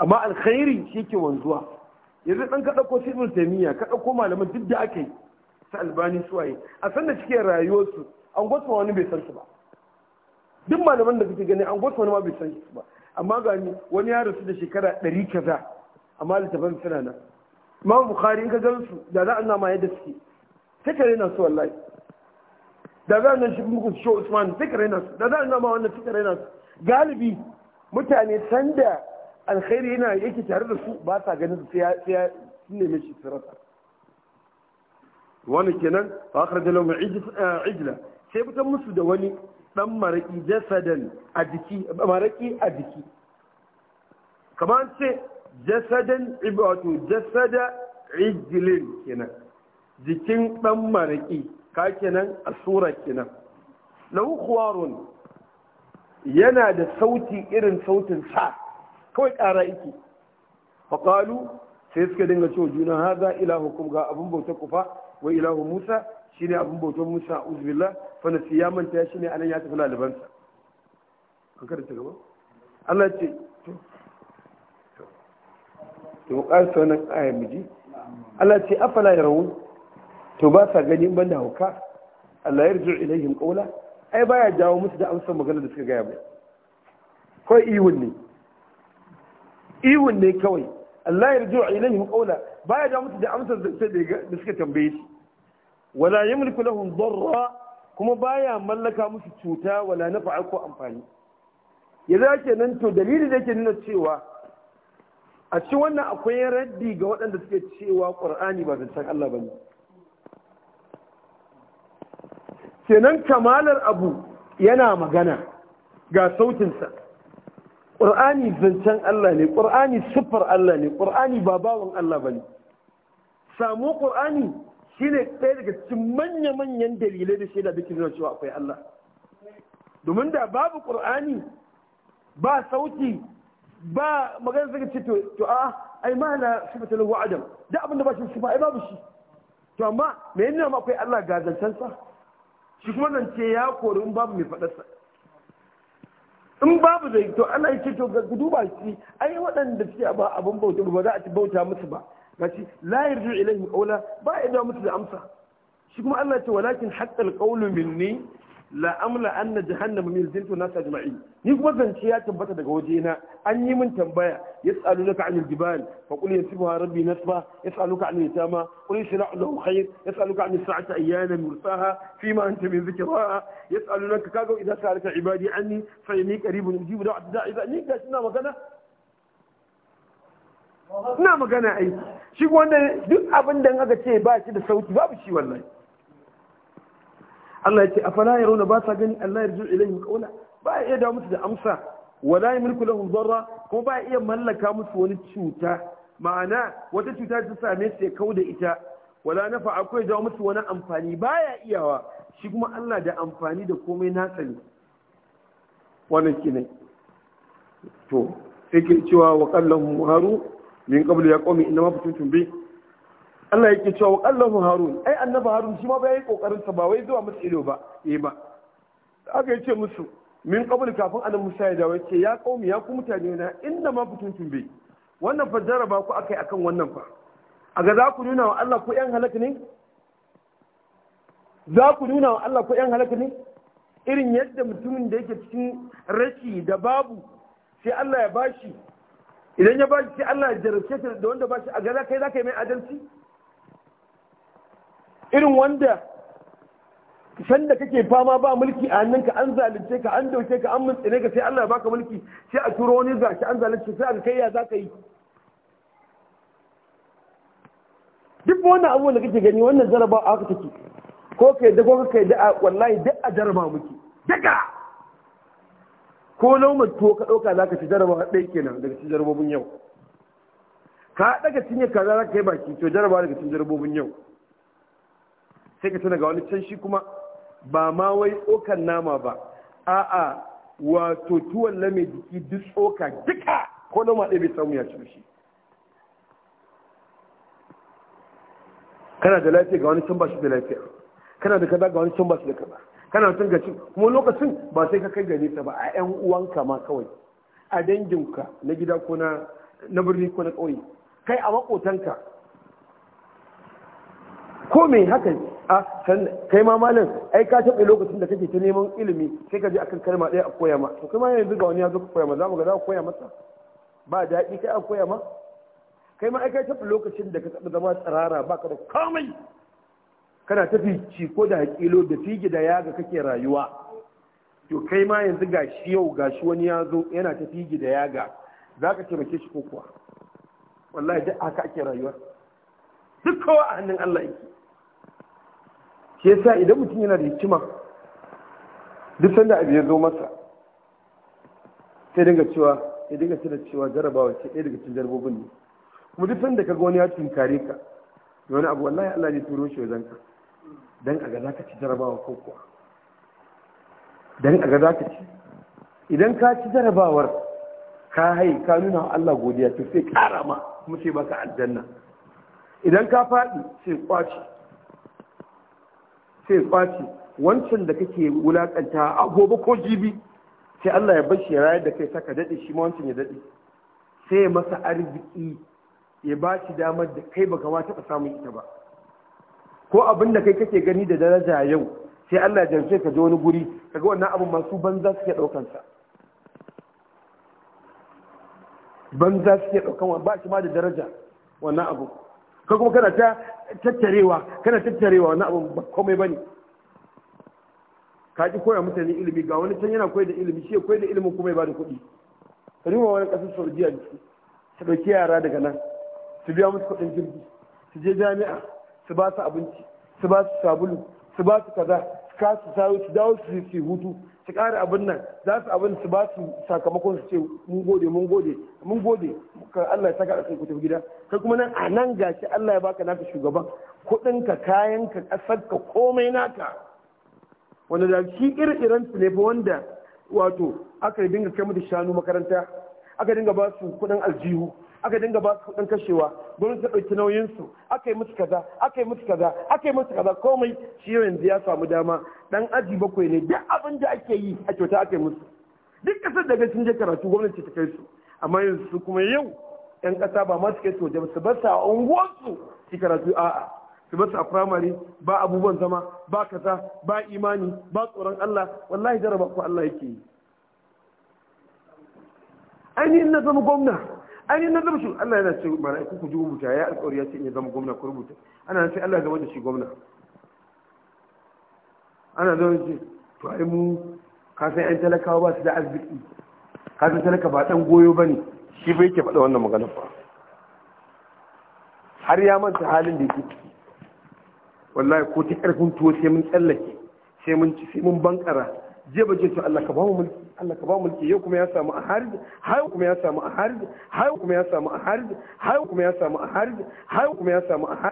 amma alkhairi shi ke wanzuwa yanzu ɗan ka ɗauko sibin taimiyya ka ɗauko malaman duk da aka yi su albani suwaye a san da suke rayuwarsu an gwasa wani bai san su ba duk malaman da kake gani an gwasa wani ma bai san su ba amma ga ni wani ya rasu da shekara ɗari kaza amma littafin suna nan imam bukhari in ka gan su da za a nama yadda suke sai ka raina su wallahi da za a nan shi muku shi usman sai ka raina su da za a nama wannan sai ka raina su galibi mutane sanda alkhairi yana yake tare da su ba ta ganin su ya neme shi su wani kenan fa akhraja lahum eh, ijla sai fitan musu da wani dan maraki jasadan a jiki maraki a jiki kamar ce jasadan wato jasada ijlin kenan jikin dan maraki ka kenan a sura kenan lahu khuwarun yana da sauti irin sautin sa kawai ƙara yake faƙalu sai suka dinga cewa juna haza ilahu kum ga abin bautar kufa wa ilahu musa shine abin bautar musa uzbillah fana nasi ya manta shine anan ya tafi lalibansa an karanta gaba Allah ce to to mu ƙarsa wannan ayar miji Allah ce afala rawu? to ba sa gani ban da hauka Allah ya rujur ilayhim kawula. ai baya jawo musu da amsar magana da suka gaya mai kawai iwun ne ihun ne kawai Allah ya rujuu ilaihim qawla baya da musu da amsar da suka tambaye shi wala yamliku lahum darra kuma baya mallaka musu cuta wala nafa'a ko amfani yanzu nan to dalili da yake nuna cewa a cikin wannan akwai raddi ga waɗanda suke cewa qur'ani ba zancen Allah ba kenan kamalar abu yana magana ga sautinsa ƙur'ani zancen Allah ne ƙur'ani siffar Allah ne ƙur'ani ba bawon Allah ba ne samu ƙur'ani shi ne ɗaya daga cikin manya-manyan dalilai da shaida da nuna cewa akwai Allah domin da babu ƙur'ani ba sauti ba magana zaka ce to a ai ma na sifata lagu adam da abin da ba shi sufa, ai babu shi to amma me yana ma akwai Allah ga zancensa shi kuma ce ya kori in babu mai faɗarsa in babu zai to ana ce to ga duba shi ai waɗanda suke ba abin bauta ba za a ci bauta musu ba gashi la yarju ilaihim qawla ba ya da musu da amsa shi kuma Allah ce walakin haqqal qawlu minni la amla anna jahannama min zintu nas ajma'in ni kuma zance ya tabbata daga wajena an yi min tambaya yas'alunaka 'anil jibal fa qul yasbuha rabbi nasba yas'aluka 'anil yatama qul yashfa'u lahu khair yas'aluka 'anil sa'ati ayyana mursaha ma anta min dhikraha yas'alunaka kaga idza sa'alaka 'ibadi anni fa inni qaribun ujibu da'at da'i ni ga ina magana ina magana ai shi wanda duk abin da aka ce ba shi da sauki babu shi wallahi Allah ya ce afala rauna ba sa gani Allah ya yarju ilayhim kaula ba ya iya dawo musu da amsa wala ya mulku lahum darra kuma ba ya iya mallaka musu wani cuta ma'ana wata cuta ta same su ya da ita wala nafa akwai dawo musu wani amfani ba ya iyawa shi kuma Allah da amfani da komai nasa ne wannan ne to sai ke cewa wa kallon haru min qablu ya qawmi inna ma fituntum bi Allah yake cewa wa kallahu harun ai annabi harun shi ma bai yi kokarin sa ba wai zuwa musu ido ba eh ba aka yace musu min qabl kafin annabi Musa ya dawo yace ya qaumi ya ku mutane na inda ma fituntum bai wannan fa jaraba ku akai akan wannan fa a ga za ku nuna wa Allah ku yan halaka ne za ku nuna wa Allah ku yan halaka ne irin yadda mutumin da yake cikin rashi da babu sai Allah ya bashi idan ya bashi sai Allah ya jarabce da wanda bashi a ga za kai za ka yi mai adalci irin wanda san da kake fama ba mulki a hannunka an zalunce ka an dauke ka an mutsine ka sai Allah ya baka mulki sai a turo wani zaki an zalunce sai aka kai ya zaka yi duk wannan abubuwan da kake gani wannan jaraba aka take ko ka yadda ko ka yadda wallahi duk a jaraba muke daga ko laumar tuwo ka ɗauka za ci jaraba ɗaya kenan daga cikin jarabobin yau ka daga cinye kaza za kai yi baki to jaraba daga cikin jarabobin yau sai ka tana ga wani can shi kuma ba ma wai tsokan nama ba a'a wato tuwon lame jiki duk tsoka duka ko na maɗe bai samu ya ci shi kana da lafiya ga wani can ba shi da lafiya kana da kaza ga wani can ba shi da kaza kana tun gaci kuma lokacin ba sai ka kai gare ta ba a yan uwanka ma kawai a danginka na gida ko na na birni ko na ƙauye kai a makotanka ko me haka ne a kai ma malam ai ka taɓa lokacin da kake ta neman ilimi sai ka je akan kalma ɗaya a koya ma to kuma yanzu ga wani ya zo ka koya ma za mu ga za ku koya masa ba daɗi kai a koya ma kai ma ai ka taɓa lokacin da ka taɓa zama tsirara ba ka da komai kana tafi ciko da hakilo da fige da yaga kake rayuwa to kai ma yanzu ga shi yau ga shi wani ya zo yana ta fige da yaga za ka taimake shi ko kuwa wallahi duk haka ake rayuwa duk kowa a hannun Allah yake shi sa idan mutum yana da hikima duk sanda abu ya zo masa sai dinga cewa ya dinga cewa cewa jarabawa ce ɗaya daga cikin jarabobin ne kuma duk sanda ka ga wani ya tunkare ka da wani abu wallahi Allah ne turo shi wajen ka dan a ga za ka ci jarabawa ko kuwa dan a ga za ka ci idan ka ci jarabawar ka hai ka nuna wa Allah godiya to sai kara ma kuma sai baka aljanna idan ka faɗi sai kwaci sai kwace wancan da kake wulakanta a gobe ko jibi sai Allah ya bashi ya rayar da kai saka daɗe shi ma wancan ya daɗe sai masa arziki ya ba shi damar da kai ba ma taɓa samun ita ba ko abin da kai kake gani da daraja yau sai Allah ya jarce ka je wani guri kaga wannan abin masu banza suke ɗaukan sa banza suke daukan ba shi ma da daraja wannan abu ka kuma kana ta tattarewa kana tattarewa wani abu ba komai bane ka ji koya mutane ilimi ga wani can yana koyar da ilimi shi ya koyar da ilimin kuma ya bada kuɗi ka duba wani ƙasar saudiya da su su ɗauki yara daga nan su biya musu kuɗin jirgi su je jami'a su ba su abinci su ba su sabulu su ba su kaza su kasu sayo su dawo su su hutu su ƙara abin nan za su abin su ba su sakamakon su ce mun gode mun gode mun gode Allah ya saka a kai ku tafi gida Ka kuma nan a nan gashi Allah ya baka naka shugaban kuɗinka kayanka ƙasarka komai naka wanda da shi irin su ne fa wanda wato aka dinga kai da shanu makaranta aka dinga ba su kuɗin aljihu aka dinga ba su kuɗin kashewa gurin ta ɗauki nauyinsu aka yi musu kaza aka yi musu kaza aka yi musu kaza komai shi yanzu ya samu dama dan aji bakwai ne duk abin da ake yi a kyauta aka yi musu duk ƙasar daga sun je karatu gwamnati ta kai su amma yanzu kuma yau yan ƙasa ba ma su kai soja ba su bar a unguwarsu su karatu a'a su bar a firamare ba abubuwan zama ba kaza ba imani ba tsoron Allah wallahi jaraba ku Allah yake yi ainihin na zama gwamna ainihin na zama shi Allah yana ce mala'iku ku ji buta ya alƙawari ya ce in ya zama gwamna ku rubuta ana nan ce Allah ya zama da shi gwamna ana zama ce to ai mu ka san yan talakawa ba su da arziki ka san talaka ba dan goyo ba ne. shi fa yake faɗa wannan magana ba har ya manta halin da yake ciki wallahi ko ta ƙarfin tuwo sai mun tsallake sai mun ci sai mun bankara je ba je to Allah ka ba mu mulki Allah ka ba mu mulki yau kuma ya samu aharji hayo kuma ya samu aharji hayo kuma ya samu aharji hayo kuma ya samu aharji hayo kuma ya samu aharji